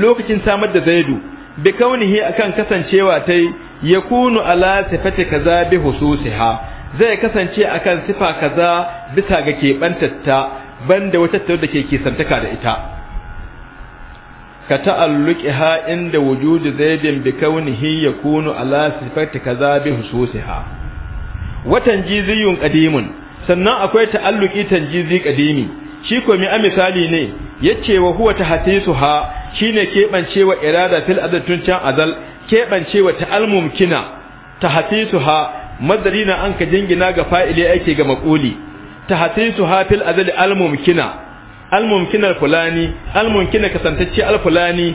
lokacin samar da zaidu bi kaunihi akan kasancewa tai yakunu ala sifati kaza bi hususiha zai kasance a kan sifa kaza bisa ga keɓantatta banda wata tawar da ke kisantaka da ita ka ha inda wujudu zaidin bi kaunihi yakunu ala sifati kaza bi hususiha watan jiziyun qadimun sannan akwai ta'alluki tanjizi qadimi shi ko mi a misali ne yace wa huwa tahtisuha shine keɓancewa irada fil adatun can azal keɓancewa ta'almumkina ha. madalina na an ka jingina ga fa'ili ake ga makuli tahsisu hafil azali almumkina almumkinar fulani almumkina kasantacce alfulani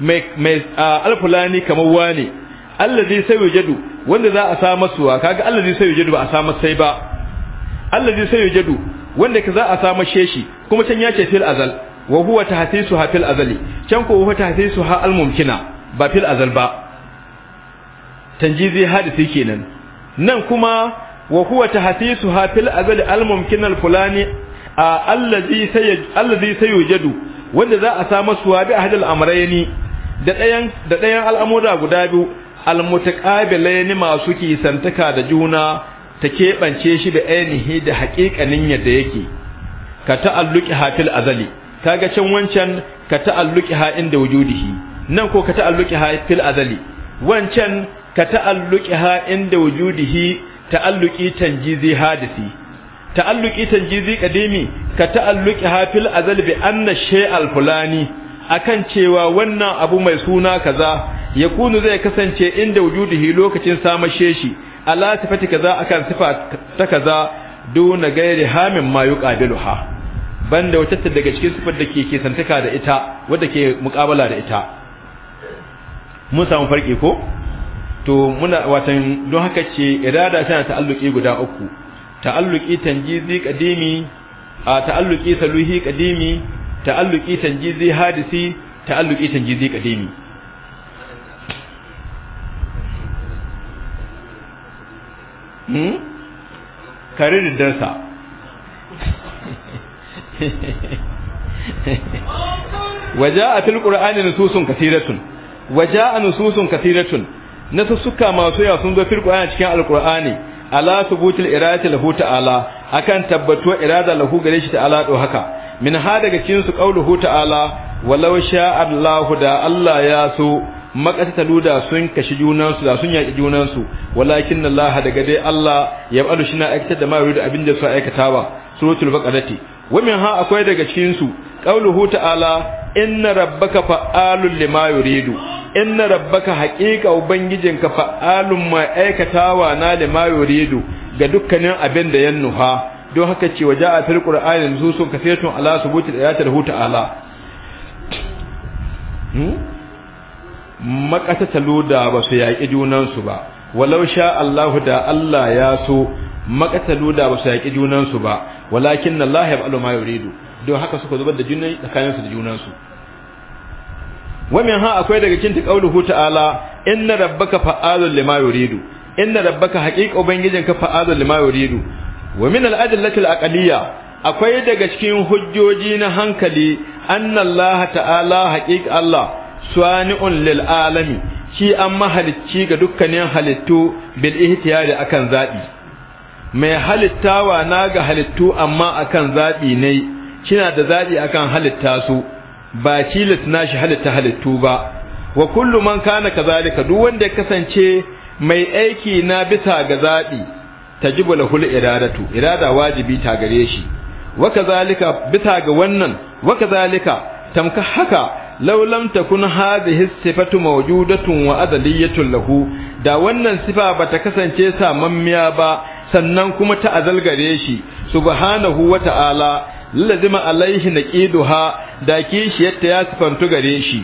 mai mai alfulani kamar wani allazi sai yujadu wanda za a sa wa kaga allazi sai yujadu ba a sa sai ba allazi sai yujadu wanda ka za a sa mashe shi kuma can ya ce fil azal wa huwa tahsisu hafil azali can ko huwa tahsisu ha almumkina ba fil azal ba tanjizi hadisi kenan nan kuma wa huwa tahsisuha fil azal al mumkin al fulani allazi say allazi sayujadu wanda za a samu suwa bi ahad al amrayni da dayan da dayan al'amura guda biyu al mutaqabilaini masu kisantaka da juna ta keɓance shi da ainihi da haqiqanin yadda yake ka ta'alluki hafil azali kaga can wancan ka ta'alluqi ha inda wujudihi nan ko ka ta'alluki hafil azali wancan ka ta'alluqi ha inda wujudihi ta'alluqi tanjizi hadisi ta'alluqi tanjizi kadimi ka ta'alluqi ha fil azal bi anna fulani akan cewa wannan abu mai suna kaza ya kunu zai kasance inda wujudihi lokacin samashe shi ala sifati kaza akan sifa ta kaza duna gairi hamin ma ha. banda wata daga cikin sifar da ke ke santaka da ita wadda ke muƙabala da ita mun samu farki ko to muna watan don haka ce irada tana ta'alluki guda uku ta'alluki tanjizi kadimi a ta'alluki saluhi kadimi ta'alluki tanjizi hadisi ta'alluki tanjizi kadimi hmm kare darsa وجاء في القرآن نصوص كثيرة وجاء نصوص كثيرة na sussuka masu yawa sun zo fil cikin alkur'ani ala subutil iradati lahu ta'ala akan tabbatuwa irada lahu gare shi ta'ala do haka min ha daga cikin su qauluhu ta'ala walau sha Allahu da Allah ya so ta da sun kashi junansu da sun yaki junansu walakin Allah daga dai Allah ya bada shi na aikata da mai da abin da su aikata ba suratul baqarati wa ha akwai daga cikin su qauluhu ta'ala inna rabbaka fa'alul lima yuridu inna rabbaka haqiqa ubangijinka fa'alun ma aikatawa na ma yuridu ga dukkanin abin da ya don haka ce waje a fil qur'ani nususun kasaytun ala subuti da ta rahuta ala hmm? makata taluda ba su yaƙi junansu ba walau sha Allahu da Allah ya so makata da ba su yaƙi junansu ba walakin Allah ya ba'alu ma yuridu don haka suka zubar da junan tsakaninsu da junansu wa min ha akwai daga cikin ta qauluhu ta'ala inna rabbaka fa'alul lima yuridu inna rabbaka haqiqa ka fa'alul lima yuridu wa min al-adillati al-aqliyya akwai daga cikin hujjoji na hankali annallaha ta'ala haqiqa Allah swani'un lil alami shi an mahalicci ga dukkanin halittu bil ihtiyari akan zabi mai halittawa na ga halittu amma akan zabi ne kina da zabi akan halitta su ba tilas nashi halitta halittu ba wa kullu man kana kazalika duk wanda ya kasance mai aiki na bisa ga zabi tajibu lahul iradatu irada wajibi ta gare shi wa kazalika bisa ga wannan wa kazalika tamka haka law lam takun hadhihi sifatu mawjudatun wa azaliyatun lahu da wannan sifa bata kasance samammiya ba sannan kuma ta azal gare shi subhanahu wa ta'ala lazima alaihi naqiduha da kishiyarta ya sifantu gare shi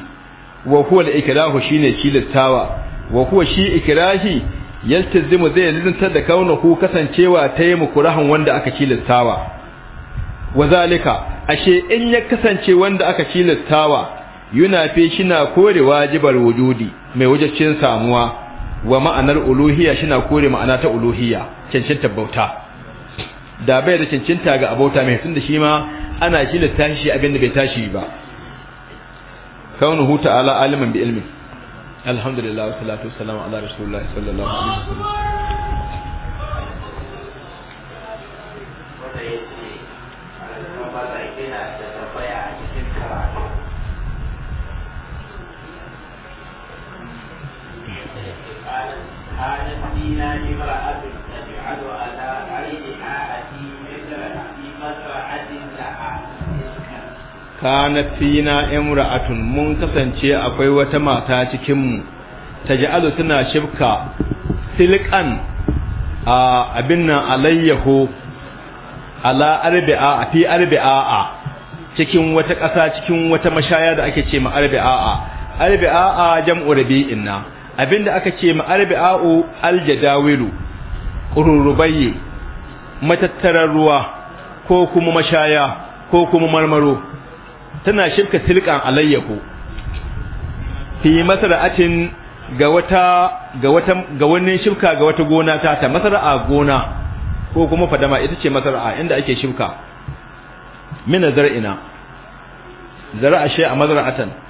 wa huwa al-ikrahu shine littawa wa huwa shi ikrahi yaltazimu zai lintar da ku kasancewa ta yi mukurahan wanda aka wa wazalika ashe in ya kasance wanda aka littawa yuna fe na kore wajibar wujudi mai wajibcin samuwa wa ma'anar uluhiyya na kore ma'ana ta uluhiyya cancanta bauta da bai da cancanta ga abota mai tunda shi ma ana shi da tashi abin da bai tashi ba kaunuhu ta'ala aliman bi ilmi alhamdulillah wa salatu wassalamu ala rasulillah sallallahu alaihi wasallam قالت قالت لنا يفعل fina imra'atun mun kasance akwai wata mata cikin mu taj'alu tana shibka silqan a abinna alayhu ala arbi'a fi arbi'a cikin wata ƙasa cikin wata mashaya da ake ce ma arbi'a arbi'a jam'u rabi'inna abinda aka ce ma arba'u aljadawilu ƙururubayye matattarar ruwa ko kuma mashaya ko kuma marmaro tana shirka tilkan alayyahu fi masara'atin ga wata ga wata ga wani shirka ga wata gona ta ta masara a gona ko kuma fadama ita ce masara a inda ake shirka min zar'ina zar'a a mazra'atan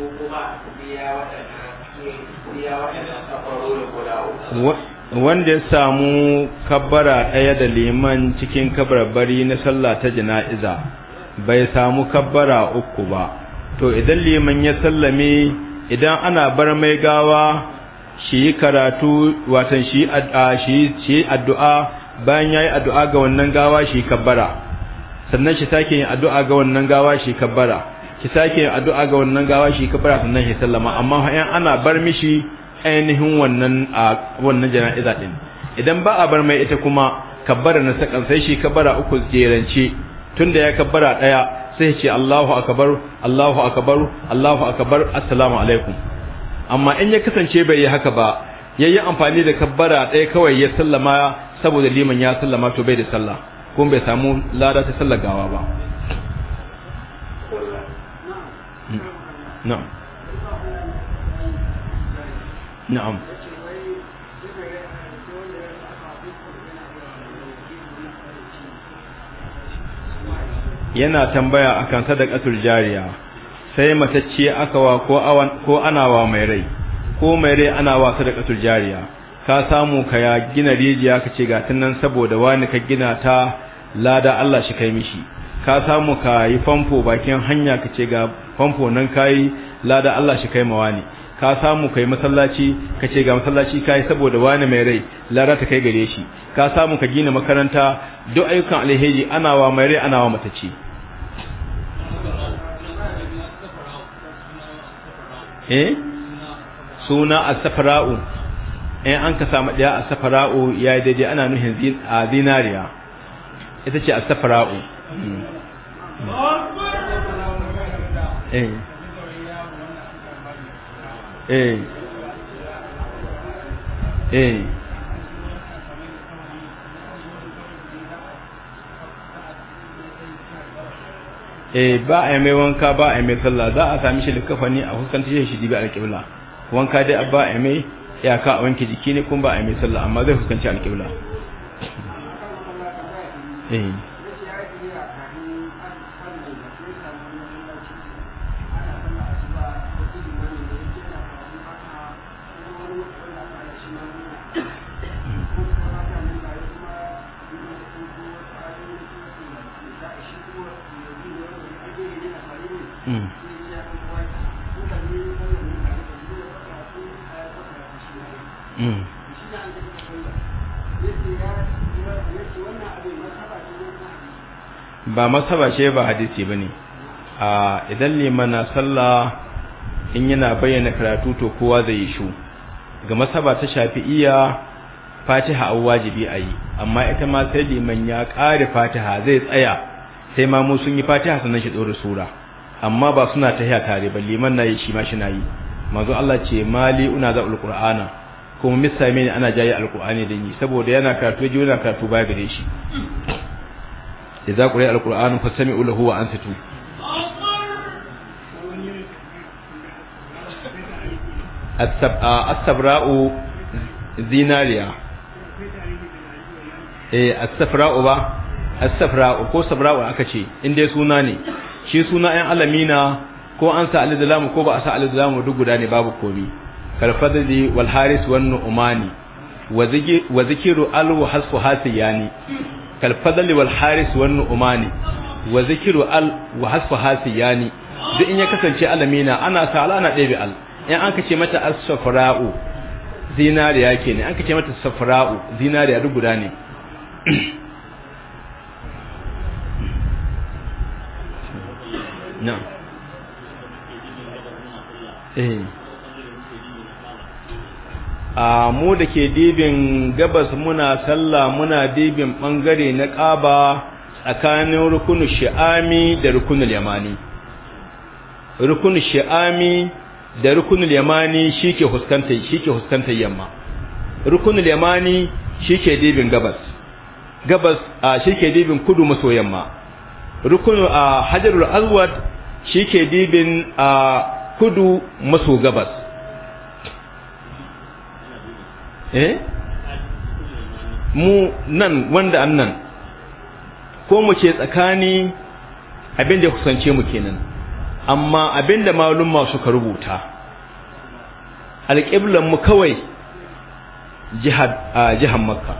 ko kuma biya waɗannan wanda ya samu kabbara ɗaya da liman cikin bari na sallah ta jana'iza bai samu kabbara uku ba to idan liman ya sallame idan ana bar mai gawa shi yi karatu watan shi yi addu'a bayan ya yi addu'a ga wannan gawa shi kabbara sannan shi sake yin addu'a ga wannan gawa shi kabbara ki sake addu'a ga wannan gawa shi kafara sannan shi sallama amma in ana bar mishi ainihin wannan wannan jana'iza din idan ba a bar mai ita kuma kabbara na sakan sai shi kabbara uku jerance tunda ya kabbara daya sai ce Allahu akbar Allahu akbar Allahu akbar assalamu alaikum amma in ya kasance bai yi haka ba yayi amfani da kabbara daya kawai ya sallama saboda liman ya sallama to bai da sallah kuma bai samu lada ta sallar gawa ba نعم نعم yana tambaya akan sadaqatul jariya sai matacce aka wa ko awan ko ana wa mai rai ko mai rai ana wa sadaqatul jariya ka samu ka ya gina rijiya ka ce ga nan saboda wani ka gina ta lada Allah shi kai mishi ka samu ka yi famfo bakin hanya ka ce ga famfo nan kayi lada Allah shi kai mawa ka samu kai masallaci ka ce ga masallaci kai saboda wani mai rai lada ta kai gare shi ka samu ka gina makaranta duk ayyukan alheri ana wa mai rai ana wa matace eh suna asfarau eh in an ka samu daya asfarau ya daidai ana nuhin zinariya ita ce asfarau hmm. hmm. Eh. Eh. Eh. eh ba a mai wanka ba a mai sallah za a sami shi da ne a fuskantar shi jibi alƙibla wanka dai ba a mai ka a wanke jiki ne kuma ba a mai sallah amma zai fuskanci alƙibla eh ba masaba ce ba hadisi bane a idan limana na sallah in yana bayyana karatu to kowa zai yi shu ga masaba ta shafi iya fatiha a wajibi ayi amma ita ma sai liman ya kare fatiha zai tsaya sai ma mu sun yi fatiha sannan shi dora sura amma ba suna tahiya tare ba liman na yi shi ma shi na yi manzo Allah ce mali una za'ul qur'ana kuma misali mini ana jayi alqur'ani da ni saboda yana karatu ji yana karatu ba gare shi idza quri'a fa sami'u lahu wa antatu as-sabra'u zinariya eh as sabrau ba as sabrau ko sabra'u aka ce in dai suna ne shi suna ayan alamina ko an sa alizlamu da ko ba a sa alizlamu da duk guda ne babu komai kalfadli wal haris wan nu'mani wa zikiru alhu hasfu hasiyani kalfadli wal haris wan nu'mani wa zikiru al wa hasfu hasiyani duk in ya kasance alamina ana sala ana ɗebe al in an kace mata as-safra'u zinariya kenan an kace mata safra'u zinariya duk guda ne na'am eh a mu da ke dibin gabas muna sallah muna dibin bangare na ƙaba tsakanin rukunu shi'ami da rukunu yamani rukunu shi'ami da rukunu yamani shike huskantar shike huskantar yamma rukunul yamani shike dibin gabas gabas a shike dibin kudu maso yamma rukunu a hajarul azwad shike dibin a kudu maso gabas eh mu nan wanda annan ko mu ce tsakani abinda ya kusance mu kenan amma abinda malumma suka rubuta alƙiblan mu kawai jihad a jihar makka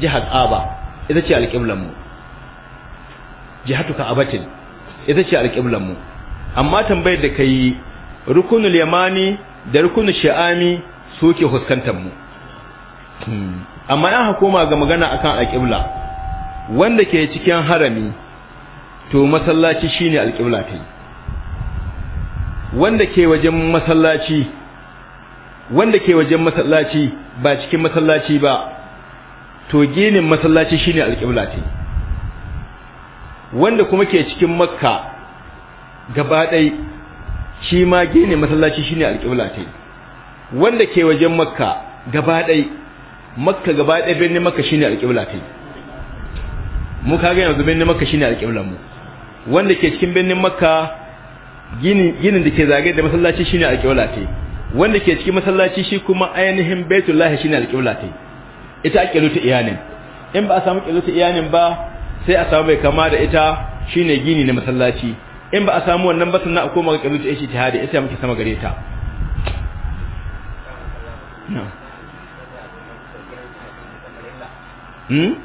jihar aba ita ce alƙiblan mu jihatuka abatin ita ce alƙiblan mu amma tambayar da kai rukunul yamani da rukunul shi'ami suke huskantar mu amma yan hukuma ga magana akan alƙibla wanda ke cikin harami to masallaci shine alƙibla ta wanda ke wajen masallaci wanda ke wajen masallaci ba cikin masallaci ba to ginin masallaci shine alƙibla ta yi. wanda kuma ke cikin makka gaba ɗai shi ma ginin masallaci shine alƙibla ta yi. wanda ke wajen makka gaba ɗai makka gaba ɗaya birnin makka shi ne alƙibla ta yi mu kaga yanzu birnin makka ne alƙiblan mu wanda ke cikin birnin makka ginin da ke zagaye da masallaci shi ne alƙibla ta yi wanda ke cikin masallaci shi kuma ainihin baitullahi ne alƙibla ta yi ita alƙibla ta iyanin in ba a samu ƙibla ta iyanin ba sai a samu mai kama da ita shi ne gini na masallaci in ba a samu wannan ba sannan a koma ga ƙibla ta hada ita muke sama gare ta Hmm?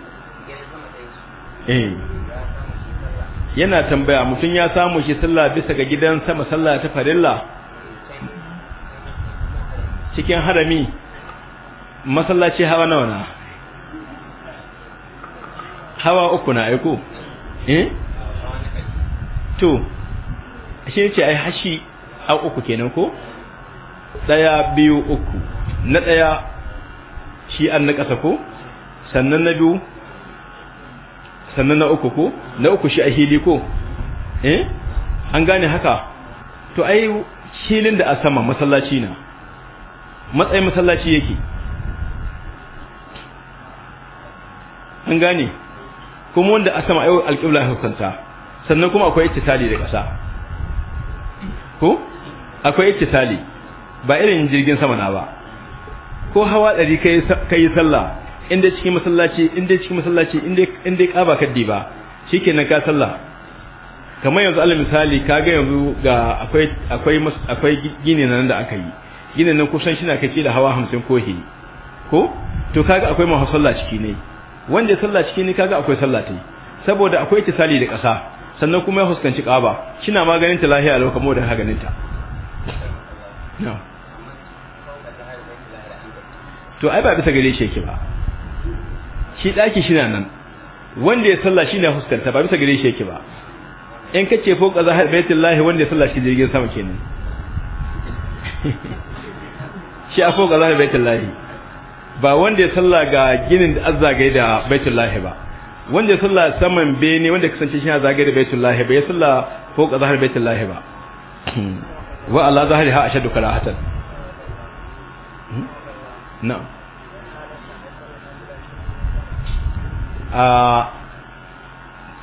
Eh. yana tambaya mutum ya samu shi sallah bisa ga gidan sama sallah ta farilla cikin harami masallaci hawa nawa na hawa uku na aiko eh? to shi ce ai hashi a uku kenan ko daya biyu uku na daya shi an na ƙasa ko sannan na biyu sannan na uku ko na uku shi a hili ko eh an gane haka to ai hilin da a sama masallaci na matsayin masallaci yake an gane kuma wanda a sama ayyau alƙibla hukunta sannan kuma akwai ittisali da ƙasa ko akwai ittisali ba irin jirgin sama na ba ko hawa ɗari yi sallah in dai cikin masallaci in dai cikin masallaci in dai in dai ka ba kaddi ba shikenan ka sallah kamar yanzu alal misali ka ga yanzu ga akwai akwai akwai gine nan da aka yi gine nan kusan shi na kace da hawa 50 ko he ko to kaga akwai ma sallah ciki ne wanda sallah ciki ne kaga akwai sallah tai saboda akwai tisali da ƙasa sannan kuma ya huskanci kaba kina maganin ta lahiya lokacin da ka ganin ta to ai ba bisa gare shi yake ba shi daki shi nan wanda ya salla shi ne fuskanta ba bisa gare shi yake ba in ka ce fawqa zahar baitullahi wanda ya salla shi jirgin sama kenan shi a fawqa zahar baitullahi ba wanda ya salla ga ginin da azzagai da baitullahi ba wanda ya salla saman bene wanda kasance shi zagai da baitullahi ba ya salla fawqa zahar baitullahi ba hmm. wa ala zahriha ashadu karahatan hmm. na'am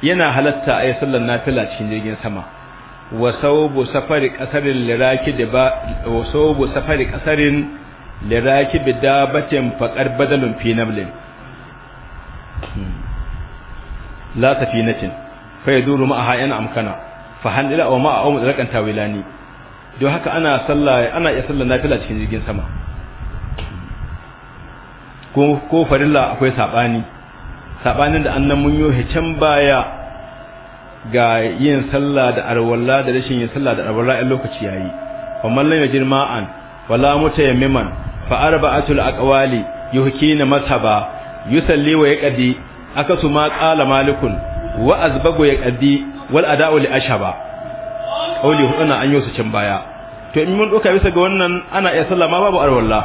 yana halatta a yi sallar nafila cikin jirgin sama wasau bu safari kasarin liraki da dabatin faƙar badalin finablin hmm. la ta fi nacin fai duru ma a yana amkana fa ila wa ma'a a umu rakan tawilani don haka ana sallah iya sallar nafila cikin jirgin sama hmm. ko ko farilla akwai sabani sabanin da annan mun yi can baya ga yin sallah da arwalla da rashin yin sallah da arwalla a lokaci yayi fa mallan ya yajid ma'an wala mutayammiman fa arba'atul aqwali yuhkina mathaba yusalli wa yaqdi akasu ma qala malikun wa azbagu yaqdi wal ada'u li ashaba qawli hudana an yi can baya to in mun doka bisa ga wannan ana iya sallah ma babu arwalla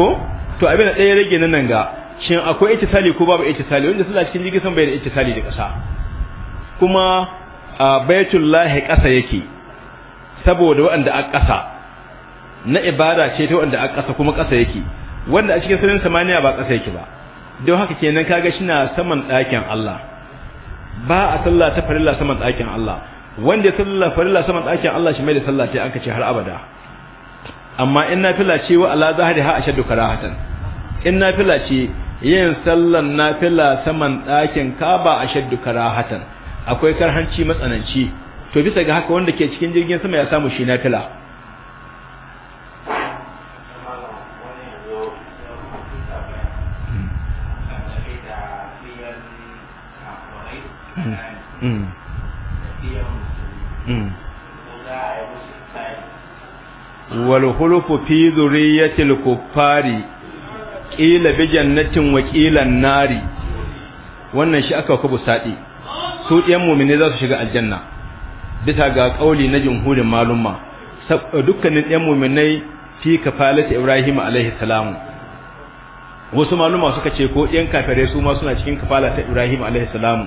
ko to abin da ɗaya rage nan ga shin akwai ittisali ko babu ittisali wanda suna cikin jirgin sama bai da ittisali da ƙasa kuma a lahi ƙasa yake saboda waɗanda a ƙasa na ibada ce ta waɗanda a ƙasa kuma ƙasa yake wanda a cikin sirrin samaniya ba ƙasa yake ba don haka kenan kaga shina saman ɗakin Allah ba a sallah ta farilla saman ɗakin Allah wanda ya sallah farilla saman ɗakin Allah shi mai da sallah ta aka ce har abada amma in fila ce wa ala zahari ha ashaddu karahatan in na fila ce yin sallan nafila saman ɗakin kaba a shaddu karahatan akwai karhanci matsananci to bisa ga haka wanda ke cikin jirgin sama ya samu shi nafila wal Mm. fi في ذرية qila bi jannatin wa nari wannan shi aka kubu sadi su ɗiyan mu'mini za su shiga aljanna bisa ga kauli na jumhurin malumma dukkanin ɗiyan mu'minai fi kafalata ibrahim alaihi salam wasu maluma suka ce ko ɗiyan kafirai su ma suna cikin kafalata ibrahim alaihi salam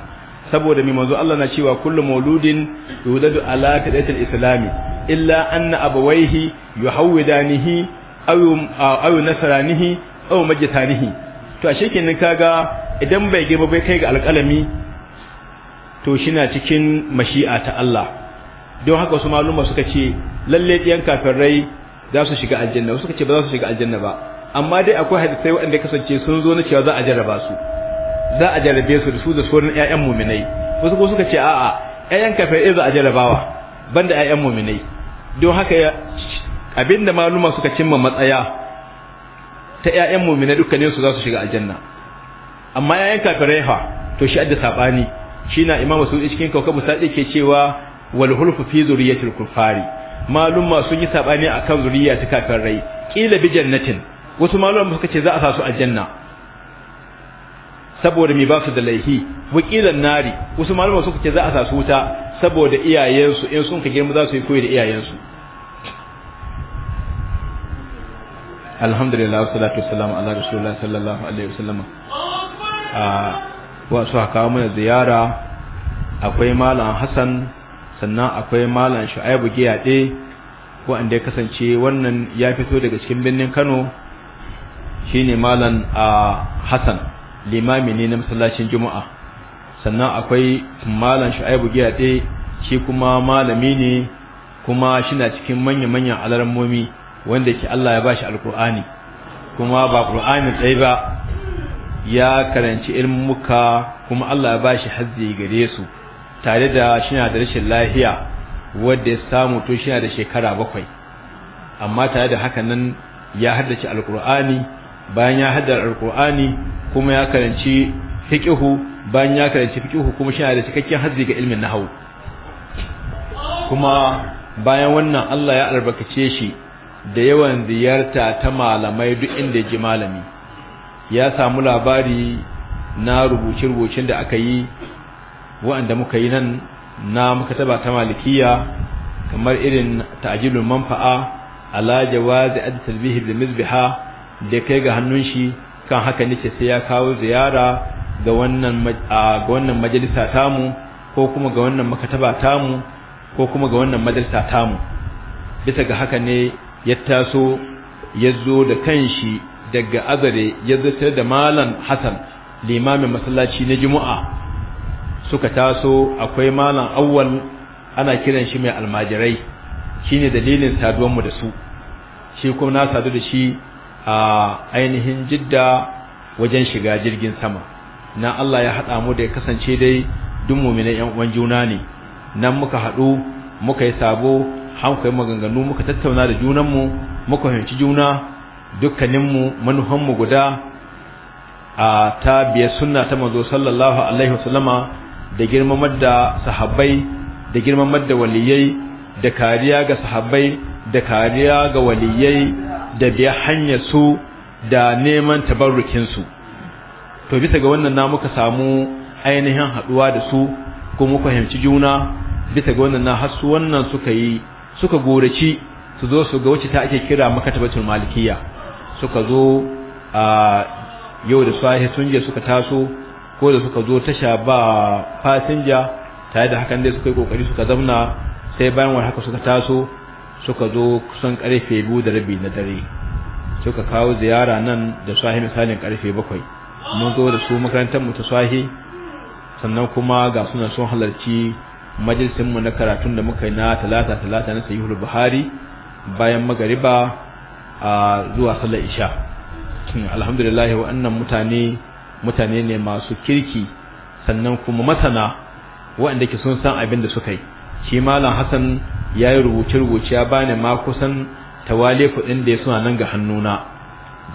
saboda mai manzo Allah na cewa kullu mauludin yuladu ala kadatil islami illa anna abawaihi yuhawidanihi aw aw nasranihi aw majtanihi to ashe kenan kaga idan bai girma bai kai ga alƙalami to shina cikin mashi'a ta Allah don haka wasu maluma suka ce lalle ɗiyan kafirai za su shiga aljanna wasu suka ce ba za su shiga aljanna ba amma dai akwai hadisai waɗanda kasance sun zo na cewa za a jarraba su za a jarrabe su da su da sauran ƴaƴan muminai wasu ko suka ce a'a ƴaƴan kafirai za a jarrabawa banda ƴaƴan muminai don haka abinda maluma suka cimma matsaya ta ƴaƴan mu'mina dukkanin su za su shiga aljanna amma 'ya'yan kafirai fa to shi adda sabani shi na imamu su cikin kaukabu sa ke cewa wal hulfu fi zuriyatil kufari ma sun yi sabani akan zuriya ta kafirai kila bi jannatin wasu malumma suka ce za a sa su aljanna saboda mi ba su da laihi wakilan nari wasu malumma suka ce za a sa su wuta saboda iyayensu in sun ka girma za su yi koyi da iyayensu alhamdulillah wa salatu wassalamu ala rasulillah sallallahu alaihi wasallam ah, wa su aka mana ziyara akwai malam Hassan sannan akwai malam Shu'aibu Giyade an dai kasance wannan ya fito daga cikin birnin Kano shine malam ah, Hassan limami ne na masallacin Juma'a sannan akwai malam Shu'aibu Giyade shi kuma malami ne kuma shi na cikin manya-manyan alarmomi wanda ke Allah ya bashi alkur'ani kuma ba qur'ani tsaye ba ya karanci ilmuka kuma Allah ya bashi hazzi gare su tare da shi na da rashin lafiya wanda ya samu to na da shekara bakwai amma tare da haka nan ya haddace alkur'ani bayan ya haddace alkur'ani kuma ya karanci fiqhu bayan ya karanci fiqhu kuma na da cikakken hazzi ga ilmin nahwu kuma bayan wannan Allah ya albarkace shi da yawan ziyarta ta malamai duk inda ji malami ya samu labari na rubuce-rubucen da aka yi wa'anda muka yi nan na makataba ta malikiya kamar irin ta'jilul manfa'a alajawa da adi talbihi da mizbiha da kai ga hannun shi kan haka nike sai ya kawo ziyara ga wannan ga wannan majalisa tamu ko kuma ga wannan makataba tamu ko kuma ga wannan majalisa tamu bisa ga haka ne ya taso ya zo da kanshi daga azare ya zartar da malam Hassan limamin masallaci na juma'a suka taso akwai malam awwal ana kiran shi mai almajirai shine dalilin saduwan mu da su shi kuma na sadu da shi a ainihin jidda wajen shiga jirgin sama na Allah ya haɗa mu da ya kasance dai duk mu'mina yan uwan juna ne nan muka haɗu muka yi sabo an yi maganganu muka tattauna da junanmu muka fahimci juna dukkaninmu manuhanmu guda a ta biyar sunna ta mazo. sallallahu alaihi wasallama da girmamar da sahabbai da girmamar da waliyai da kariya ga sahabbai da kariya ga waliyai da biya hanyar su da neman tabarrukinsu to bisa ga wannan na muka samu ainihin haɗuwa da su ko muka fahimci juna bisa ga wannan na hasu wannan suka yi suka goraci su zo su ga wacce ta ake kira makatabatul malikiya suka zo a yau da sahi sun je suka taso ko da suka zo tasha ba fasinja tare da hakan dai suka yi kokari suka zauna sai bayan wani haka suka taso suka zo kusan karfe biyu da rabi na dare suka kawo ziyara nan da sahi misalin karfe bakwai mun zo da su makarantar mu ta sahi sannan kuma ga suna sun halarci majalisin mu na karatun da muka yi na talata talata na sahihul buhari bayan magariba a zuwa sallar isha alhamdulillah wa'annan mutane mutane ne masu kirki sannan kuma masana waɗanda ke sun san abin da suka yi shi malam hassan ya yi rubuce-rubuce ya bani ma kusan tawale kuɗin da ya suna nan ga hannuna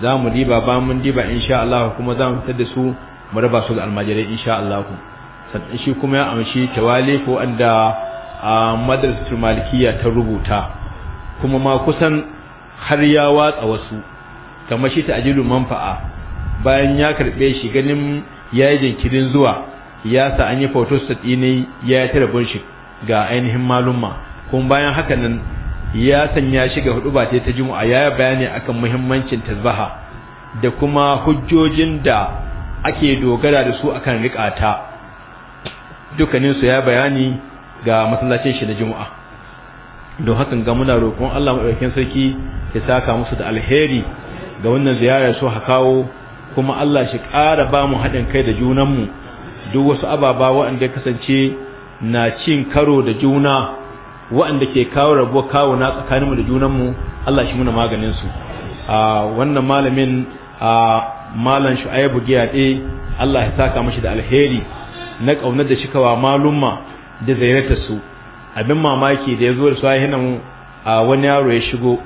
za mu riba ba mun diba insha Allah kuma za mu fitar da su mu raba su ga almajirai insha Allah shi kuma ya amshi ko wanda a madrasatul malikiya ta rubuta kuma ma kusan har ya watsa wasu kamar shi ta ajilu manfa'a bayan ya karbe shi ganin yayi jinkirin zuwa ya sa an yi photostat ne ya yi tarabun shi ga ainihin malumma kuma bayan haka nan ya sanya shi ga hudu ba ta juma'a ya bayani akan muhimmancin tasbaha da kuma hujjojin da ake dogara da su akan rikata su ya bayani ga masallacin shi na juma'a don hakan ga muna roƙon Allah maɗaukakin sarki ya saka musu da alheri ga wannan ziyarar su ha kuma Allah shi ƙara ba mu haɗin kai da junanmu duk wasu ababa waɗanda ya kasance na cin karo da juna waɗanda ke kawo rabuwa kawo na tsakaninmu da junanmu Allah shi muna maganin su a wannan malamin a malam shu'aibu Giyade, Allah ya saka mashi da alheri na ƙaunar da wa malumma da zairata su abin mamaki da ya zo da suwa mu a wani yaro ya shigo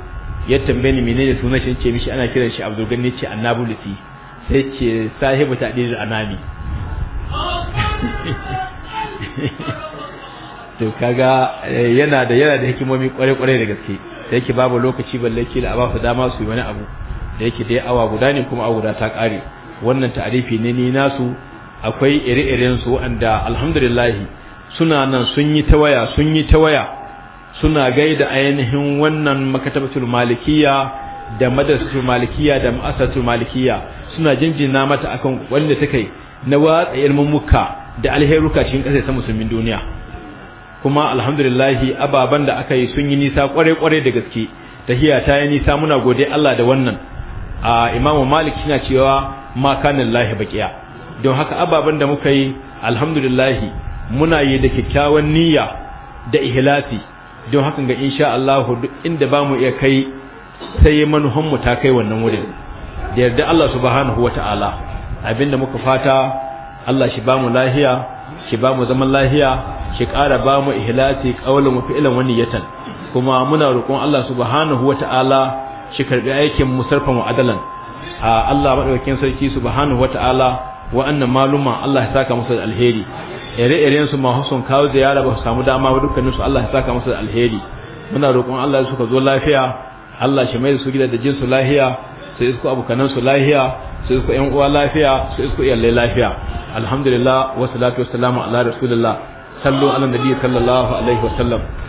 ya tambaye ni menene sunan shi ce mishi ana kiran shi Abdul Gani ce Annabulisi sai ce sahibu a anami to kaga eh, yana da yana da hikimomi kware kware da gaske da yake babu lokaci balle ke da abafa dama su yi wani abu da yake dai awa guda ne kuma awa guda ta kare wannan ta'arifi ne ni nasu akwai ire erensu su wanda alhamdulillahi suna nan sun yi ta waya sun yi ta waya suna gaida ainihin wannan makatabatul malikiya da madrasatul malikiya da ma'asatul malikiya suna jinjina mata akan wanda take na watsa ilmin wukka da alheruka cikin kasar ta musulmin duniya kuma alhamdulillahi ababan da aka yi sun yi nisa kware-kware da gaske hiya ta yi nisa muna gode Allah da wannan a imamu malik yana cewa ma kanin lahi baqiya don haka ababen da muka yi alhamdulillah muna yi da kyakkyawan niyya da ihlasi don haka ga insha Allah duk inda bamu iya kai sai manuhan mu ta kai wannan wurin da yarda Allah subhanahu wataala abinda muka fata Allah shi bamu lahiya shi bamu zaman lahiya shi ƙara bamu ihlasi qawlan mu fi'ilan wani yatan kuma muna roƙon Allah subhanahu wataala shi karbi aikin mu sarfa mu adalan Allah madaukakin sarki subhanahu wataala wa'annan maluma Allah ya saka musu da alheri ire-iren su ma sun kawo ziyara ba su samu dama ba dukkanin su Allah ya saka musu da alheri muna roƙon Allah ya suka zo lafiya Allah shi mai su gida da jinsu lafiya sai su abukanan su lafiya su su yan uwa lafiya su su iyalai lafiya alhamdulillah wa salatu wa salamu ala rasulillah sallu ala nabi sallallahu alaihi wa sallam